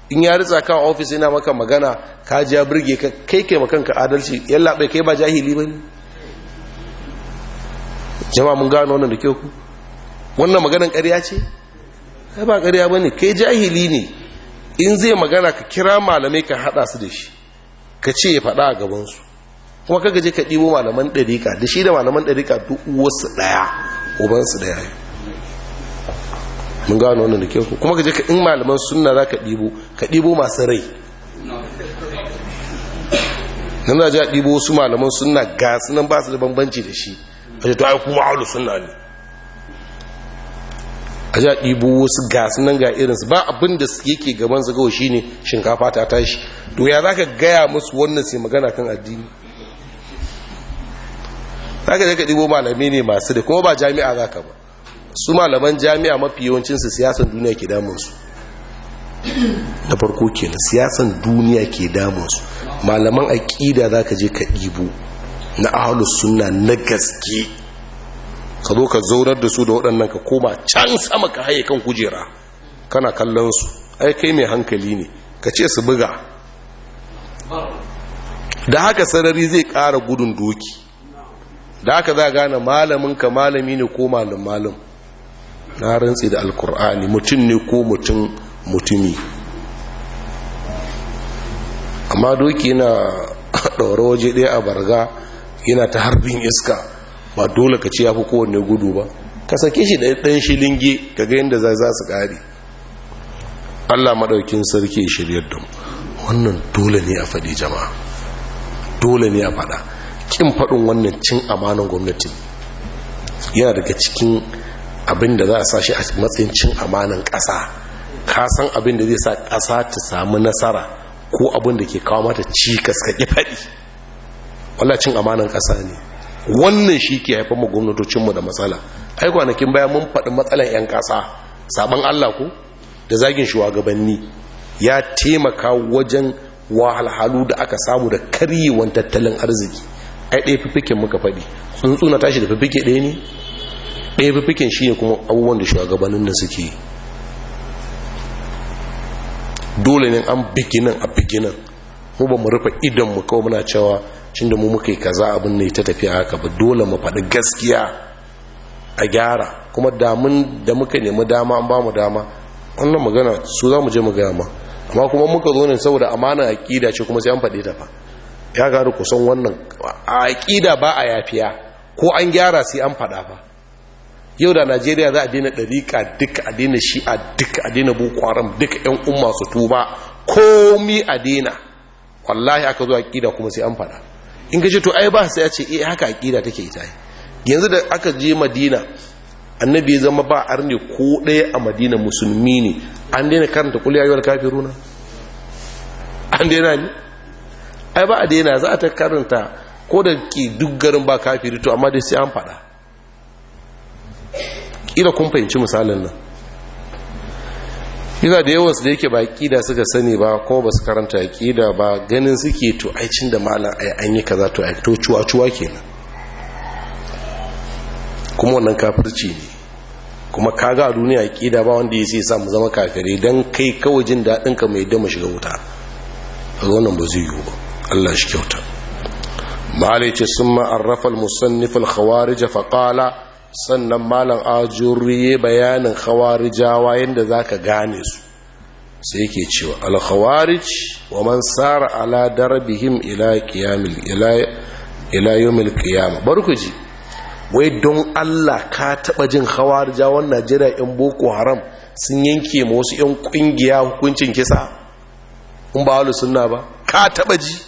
in ya ritsa kan ofis yana maka magana ka ji ya burge ka kai kai makanka adalci yalla bai kai ba jahili ba ne jama mun gano wannan da kyau ku wannan maganan ƙarya ce kai ba ƙarya ba ne kai jahili ne in zai magana ka kira malamai ka haɗa su da shi ka ce ya faɗa a gabansu kuma kaga je ka ɗibo malaman ɗarika da shi da malaman ɗarika duk wasu ɗaya ubansu ɗaya mun gano wannan da kyau kuma kaje ka in malaman sunna za ka ɗibo ka ɗibo masu rai nan za a ɗibo wasu malaman sunna ga su nan ba su da bambanci da shi a ce to ai kuma aulu sunna ne a ja ɗibo wasu gasu nan ga irinsu ba abin da yake gaban su shi shine shinkafa ta tashi to ya za ka gaya musu wannan sai magana kan addini za ka je ka ɗibo malami ne masu da kuma ba jami'a za ka ba su malaman jami'a mafi yawancinsu siyasan duniya ke damunsu na farko kenan siyasan duniya ke damunsu malaman aƙida za ka je ka ɗibo na ahalus suna na gaske ka zo ka zaunar da su da waɗannan ka koma can sama ka haye kan kujera kana kallon su ai kai mai hankali ne ka ce su buga da haka sarari zai ƙara gudun doki da haka za gane malamin ka malami ne ko malam-malam. na rantsi da alkur'ani mutum ne ko mutum mutumi amma doki yana ɗaura waje ɗaya a barga yana ta harbin iska ba dole ka ce ya fi kowanne gudu ba ka sake shi da ɗan shilinge ka ga yadda za su ƙari allah maɗaukin sarki shiryar da wannan dole ne a faɗi jama'a dole ne a faɗa kin faɗin wannan cin amanan gwamnati yana daga cikin abin da za a sa shi a matsayin cin amanan ƙasa ka san abin da zai sa ƙasa ta samu nasara ko abin da ke kawo mata cikas ka ƙi faɗi wala cin amanan ƙasa ne wannan shi ke haifar mu gwamnatocinmu da matsala ai kwanakin baya mun faɗi matsalan 'yan ƙasa saban allah ko da zagin shugabanni ya taimaka wajen wahalhalu da aka samu da karyewan tattalin arziki ai ɗaya fifikin muka faɗi tsuntsuna tashi da fifike ɗaya ne ɗaya fifikin shi ne kuma abubuwan da shugabannin da suke dole ne an bikinin a bikinin mu ba mu rufe idan mu kawai muna cewa cin da mu muka yi kaza abin ne ta tafiya haka ba dole mu faɗi gaskiya a gyara kuma mun da muka nemi dama an ba mu dama wannan magana su za mu je mu gaya amma kuma muka zo ne saboda amana aƙida ce kuma sai an faɗi ta fa ya gari kusan wannan a ƙida ba a yafiya ko an gyara sai an faɗa ba yau da najeriya za a daina ɗariƙa duka a daina a duka a daina bukwaram duka 'yan umma su tuba komi a daina wallahi aka zo ƙida kuma sai an fada in ka ce to ai ba sai ya ce eh haka a aƙida take ita yanzu da aka je madina annabi ya zama ba arne ko ɗaya a madina musulmi ne an daina karanta kuliya yawar kafiruna an daina ne ai ba a daina za a ta karanta ko da ke duk garin ba kafiri to amma dai sai an faɗa Kira kun fahimci misalin nan yana da yawansu da yake ba ƙida suka sani ba ko ba su karanta ƙida ba ganin suke to aicin da malam ai an yi kaza to to cuwa-cuwa kenan kuma wannan kafirci ne kuma kaga a duniya ƙida ba wanda ya sai sa mu zama kafirai don kai kawai jin daɗinka mai mu shiga wuta a zonan ba zai yiwu ba Allah shi kyauta malai ce sun ma'arrafa musannifin khawarija faƙala sannan malam ajuriye bayanin khawarijawa yadda za ka gane su sai ke cewa alkhawarij wa man sara ala darbihim ila qiyamil ila ila yawmil barkuji wai don Allah ka taba jin khawarijawan Najeriya in boko haram sun yanke ma wasu yan ƙungiya hukuncin kisa in ba halu sunna ba ka taɓa ji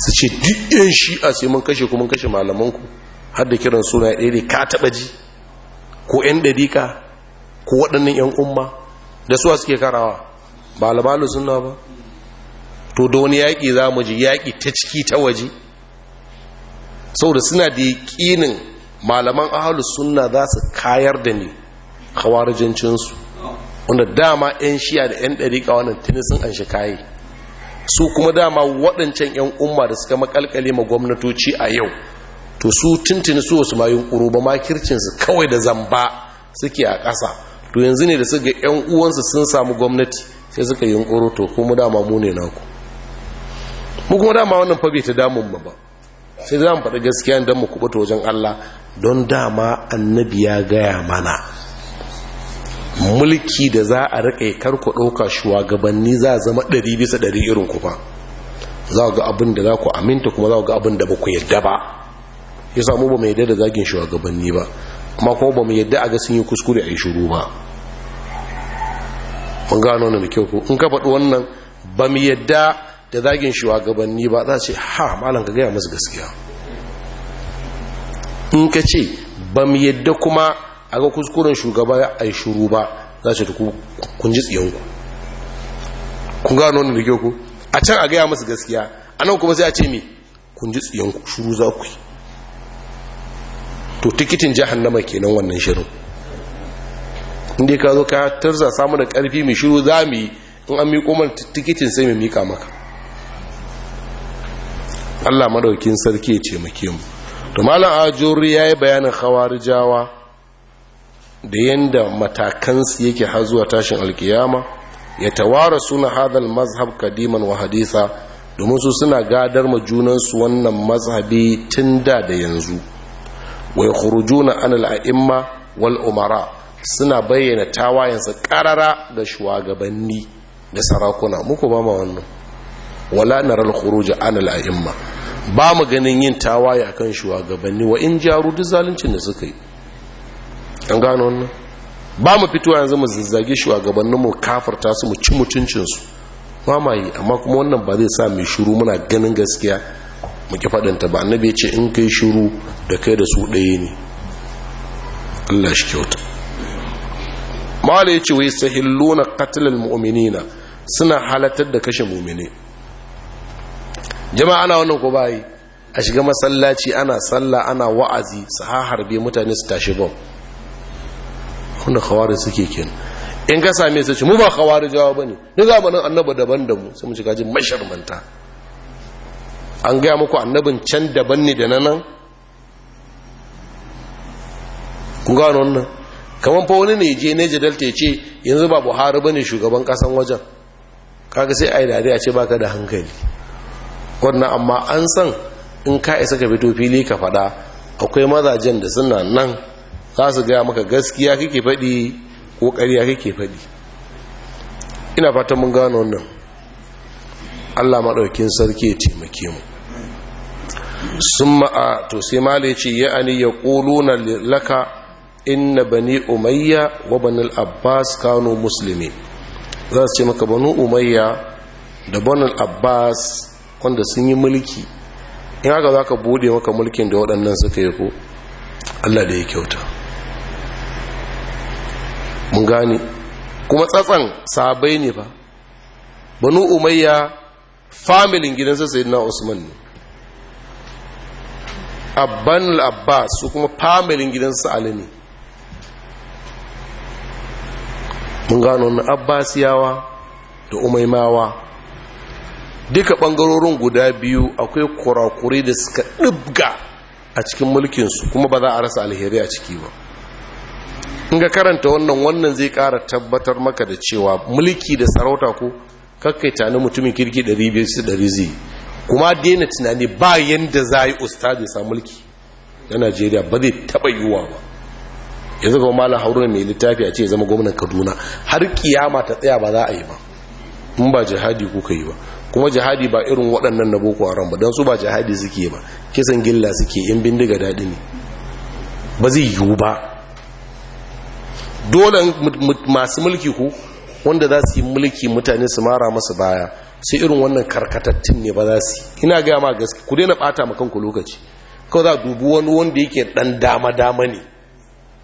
su ce duk yan shi'a sai mun kashe kuma kashe malamanku har da kiran suna ɗaya ne ka taɓa ji ko yan ɗarika ko waɗannan yan umma da suwa suke karawa ba labalu suna ba to da wani yaƙi za mu ji yaƙi ta ciki ta waje saboda suna da yaƙinin malaman ahalus suna za su kayar da ne jancinsu wanda dama 'yan shi'a da 'yan ɗarika wannan tuni sun an shi kayi su kuma dama waɗancan 'yan umma da suka makalkale ma gwamnatoci a yau to su tuntuni su wasu mayun ƙuro ba makircinsu kawai da zamba suke a ƙasa to yanzu ne da su ga 'yan uwansu sun samu gwamnati sai suka yi ƙuro to kuma dama mu ne naku mu kuma dama wannan fa ta damun ba ba sai za mu faɗi gaskiya don mu kuɓuta wajen allah don dama annabi ya gaya mana mulki da za a kar karku ɗauka shugabanni za zama ɗari bisa ɗari irin ku ba za ga abin da za ku aminta kuma za ga abin da ba ku yadda ba ya samu ba mu yadda da zagin shugabanni ba amma kuma ba mu yadda a ga sun yi kuskure a yi shuru ba mun gano wannan da kyau ko in ka faɗi wannan ba mu yadda da zagin shugabanni ba za ce ha malam ka gaya masu gaskiya in ka ce ba mu yadda kuma a ga kuskuren shugaba a yi shuru ba za su tuku kun ji tsiyanku kun gano wani da ku a can a gaya masu gaskiya a nan kuma sai a ce me kun ji tsiyanku shuru za ku yi to tikitin jahannama kenan wannan shirin inda ka zo ka tarza samu da karfi mai shiru za mu yi in an miƙo mana tikitin sai mu miƙa maka Allah madaukin sarki ya ce mu to malam ya yi bayanin Hawar jawa da yadda matakansu yake har zuwa tashin alkiyama ya tawara suna hadal mazhab kadiman wa haditha domin su suna gadar ma junansu wannan mazhabi tun da da yanzu wa yakhrujuna an al-a'imma wal umara suna bayyana tawayensa karara ga shugabanni da sarakuna muku ba ma wannan wala na ral khuruj an aimma ba mu ganin yin tawaye akan shugabanni wa in jaru duk zaluncin da suka yi an gano wannan ba mu fitowa yanzu mu zazzage wa mu kafarta su mu ci mutuncin su mamaye amma kuma wannan ba zai sa mu shiru muna ganin gaskiya mu ki faɗinta ba annabi ya ce in kai shiru da kai da su ɗaya ne Allah shi kyauta mawala ya ce wai katilin qatlal na suna halatar da kashe mu'mine jama'a ana wannan ko a shiga masallaci ana sallah ana wa'azi su harbe mutane su tashi bom wanda khawarij suke kenan in ka same su ce mu ba khawarijawa bane ni zamanin annaba daban da mu sai mu shiga jin masharmanta an gaya muku annabin can daban ne da na nan ku ga wannan kamar fa wani ne je ne jadalta ya ce yanzu ba buhari bane shugaban kasan wajen kaga sai ai dare a ce baka da hankali wannan amma an san in ka isa ka fito fili ka faɗa akwai mazajen da suna nan za su gaya maka gaskiya kake faɗi ko karya kake faɗi ina fatan mun gano wannan allah maɗaukin sarki ya taimake mu sun ma'a to sai male ce ya ani ya ƙuluna laka inna bani umayya wa bani abbas kano musulmi za su ce maka bani umayya da bani abbas wanda sun yi mulki in haka za ka bude maka mulkin da waɗannan suka yi ko allah da ya kyauta mun gane kuma tsatsan sabai ne ba banu umayya familin gidansa sayyidina usman ne abban al-abbas su kuma familin gidansa ali ne mun gano na abbasiyawa da umaimawa duka ɓangarorin guda biyu akwai kurakuri da suka ɗibga a cikin mulkinsu kuma ba za a rasa alheri a ciki ba in ga karanta wannan wannan zai kara tabbatar maka da cewa mulki da sarauta ko kakkai tani mutumin kirki 200 zai kuma daina tunani ba yadda za a yi ustadi sa mulki na najeriya ba zai taɓa yiwuwa ba yanzu ga mala Haruna mai littafi a ce zama gwamnan kaduna har kiyama ta tsaya ba za a yi ba in ba jihadi kuka yi ba kuma jihadi ba irin waɗannan na boko haram ba don su ba jihadi suke ba kisan gilla suke yan bindiga daɗi ne ba zai yiwu ba dole masu mulki ku wanda za su yi mulki mutane su mara masu baya sai irin wannan karkatattun ne ba za su ina gaya ma gaske ku daina bata ma kanku lokaci kawai za dubu wani wanda yake dan dama dama ne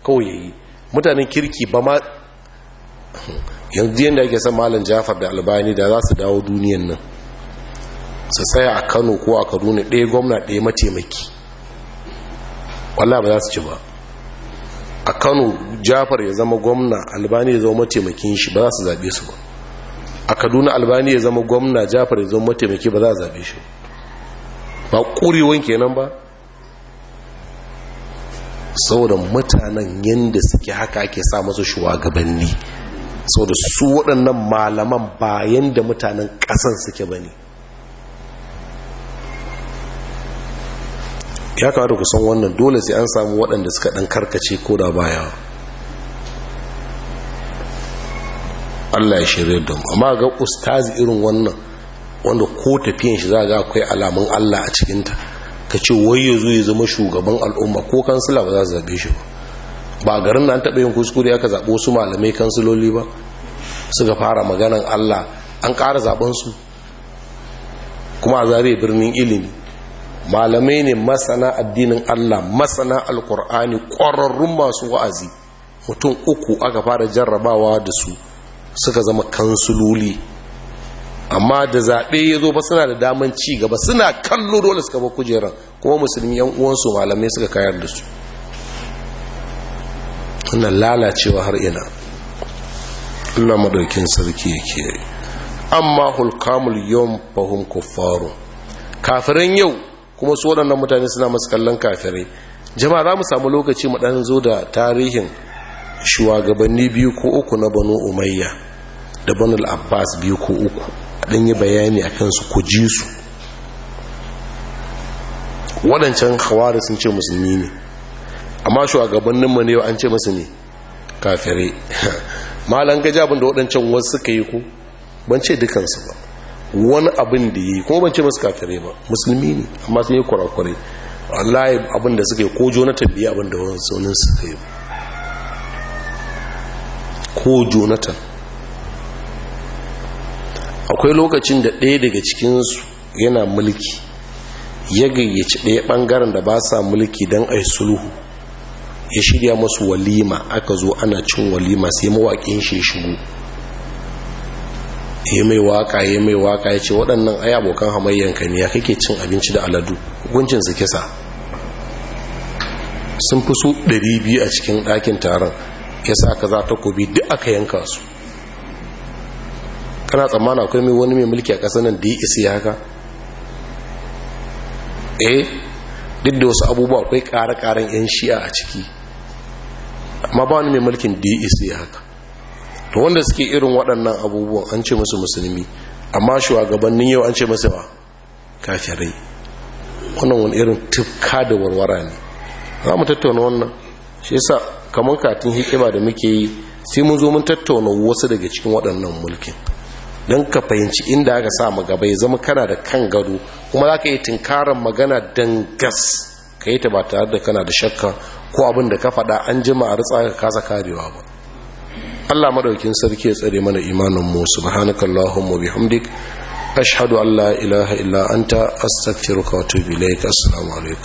kawai ya yi. mutanen kirki ba ma yanzu yadda ake son malam jafar da albani da za su dawo duniyan nan su tsaya a kano ko a kaduna ɗaya gwamna ɗaya mataimaki wallah ba za su ci ba a kano jafar ya zama gwamna albani ya zama mataimakin shi ba za su zaɓe su ba a kaduna albani ya zama gwamna jafar ya zama mataimaki ba za a zaɓe shi ba ƙurewan kenan ba saboda mutanen yadda suke haka ake sa masu shugabanni saboda su waɗannan malaman bayan da mutanen ƙasan suke ba ne ya kawo da kusan wannan dole sai an samu waɗanda suka ɗan karkace ko da baya allah ya shirya da amma ga ustazi irin wannan wanda ko tafiyan shi za ga akwai alamun allah a cikinta ka ce wai ya zo ya zama shugaban al'umma ko kansila ba za su zaɓe shi ba ba garin na taɓa yin kuskure aka zaɓo su malamai kansiloli ba suka fara maganan allah an ƙara zaɓensu kuma a zare birnin ilimi malamai ne masana addinin Allah masana alkur'ani ƙwararrun masu wa'azi mutum uku aka fara jarrabawa da su suka zama kansuloli amma da zaɓe ya zo ba suna da daman ci gaba suna kallo dole suka ba kujeran kuma musulmi yan uwansu malamai suka kayar da su wannan lalacewa har ina Allah madaukin sarki ya ke. amma hulkamul yom fahum kuffaru kafirin yau kuma su waɗannan mutane suna masu kallon kafirai jama'a za mu samu lokaci mu ɗan zo da tarihin shugabanni biyu ko uku na banu umayya da banu abbas biyu ko uku ɗan yi bayani a kansu ku ji su waɗancan hawari sun ce musulmi ne amma shugabannin mu ne an ce musu ne kafirai malan gaji da waɗancan wasu suka yi ku ban ce dukansu ba wani abin da yi kuma ban ce masu kafirai ba musulmi ne amma sun yi kurakurai wallahi abin da suka yi ko jonathan biya abin da wani saunin suka yi ko jonathan akwai lokacin da ɗaya daga cikinsu yana mulki ya gayyaci ɗaya ɓangaren da ba sa mulki don a sulhu ya shirya masu walima aka zo ana cin walima sai mawaƙin shi shigo ya mai waka ya mai waka ya ce waɗannan ai abokan hamayyanka ne ya kake cin abinci da aladu gunjin su kisa sun fi su 200 a cikin ɗakin taron ya sa ka za ta kobi duk aka yanka su kana tsammana akwai mai wani mai mulki a ƙasa nan da ya isi haka eh duk da wasu abubuwa akwai ƙare-ƙaren 'yan shi'a a ciki amma ba wani mai mulkin da ya isi haka to wanda suke irin waɗannan abubuwan an ce musu musulmi amma shugabannin yau an ce musu ba kafirai wannan wani irin tufka da warwara ne za mu tattauna wannan shi yasa kamar katin hikima da muke yi sai mun zo mun tattauna wasu daga cikin waɗannan mulkin don ka fahimci inda aka sa gaba ya zama kana da kan gado kuma za ka yi tunkarar magana dangas ka yi ta ba tare da kana da shakka ko abin da ka faɗa an jima a ritsa ka kasa karewa ba Allah madaukin sarki ya tsare mana imanin mu subhanakallahumma bihamdik ashhadu an la ilaha illa anta astaghfiruka wa atubu ilaik assalamu alaikum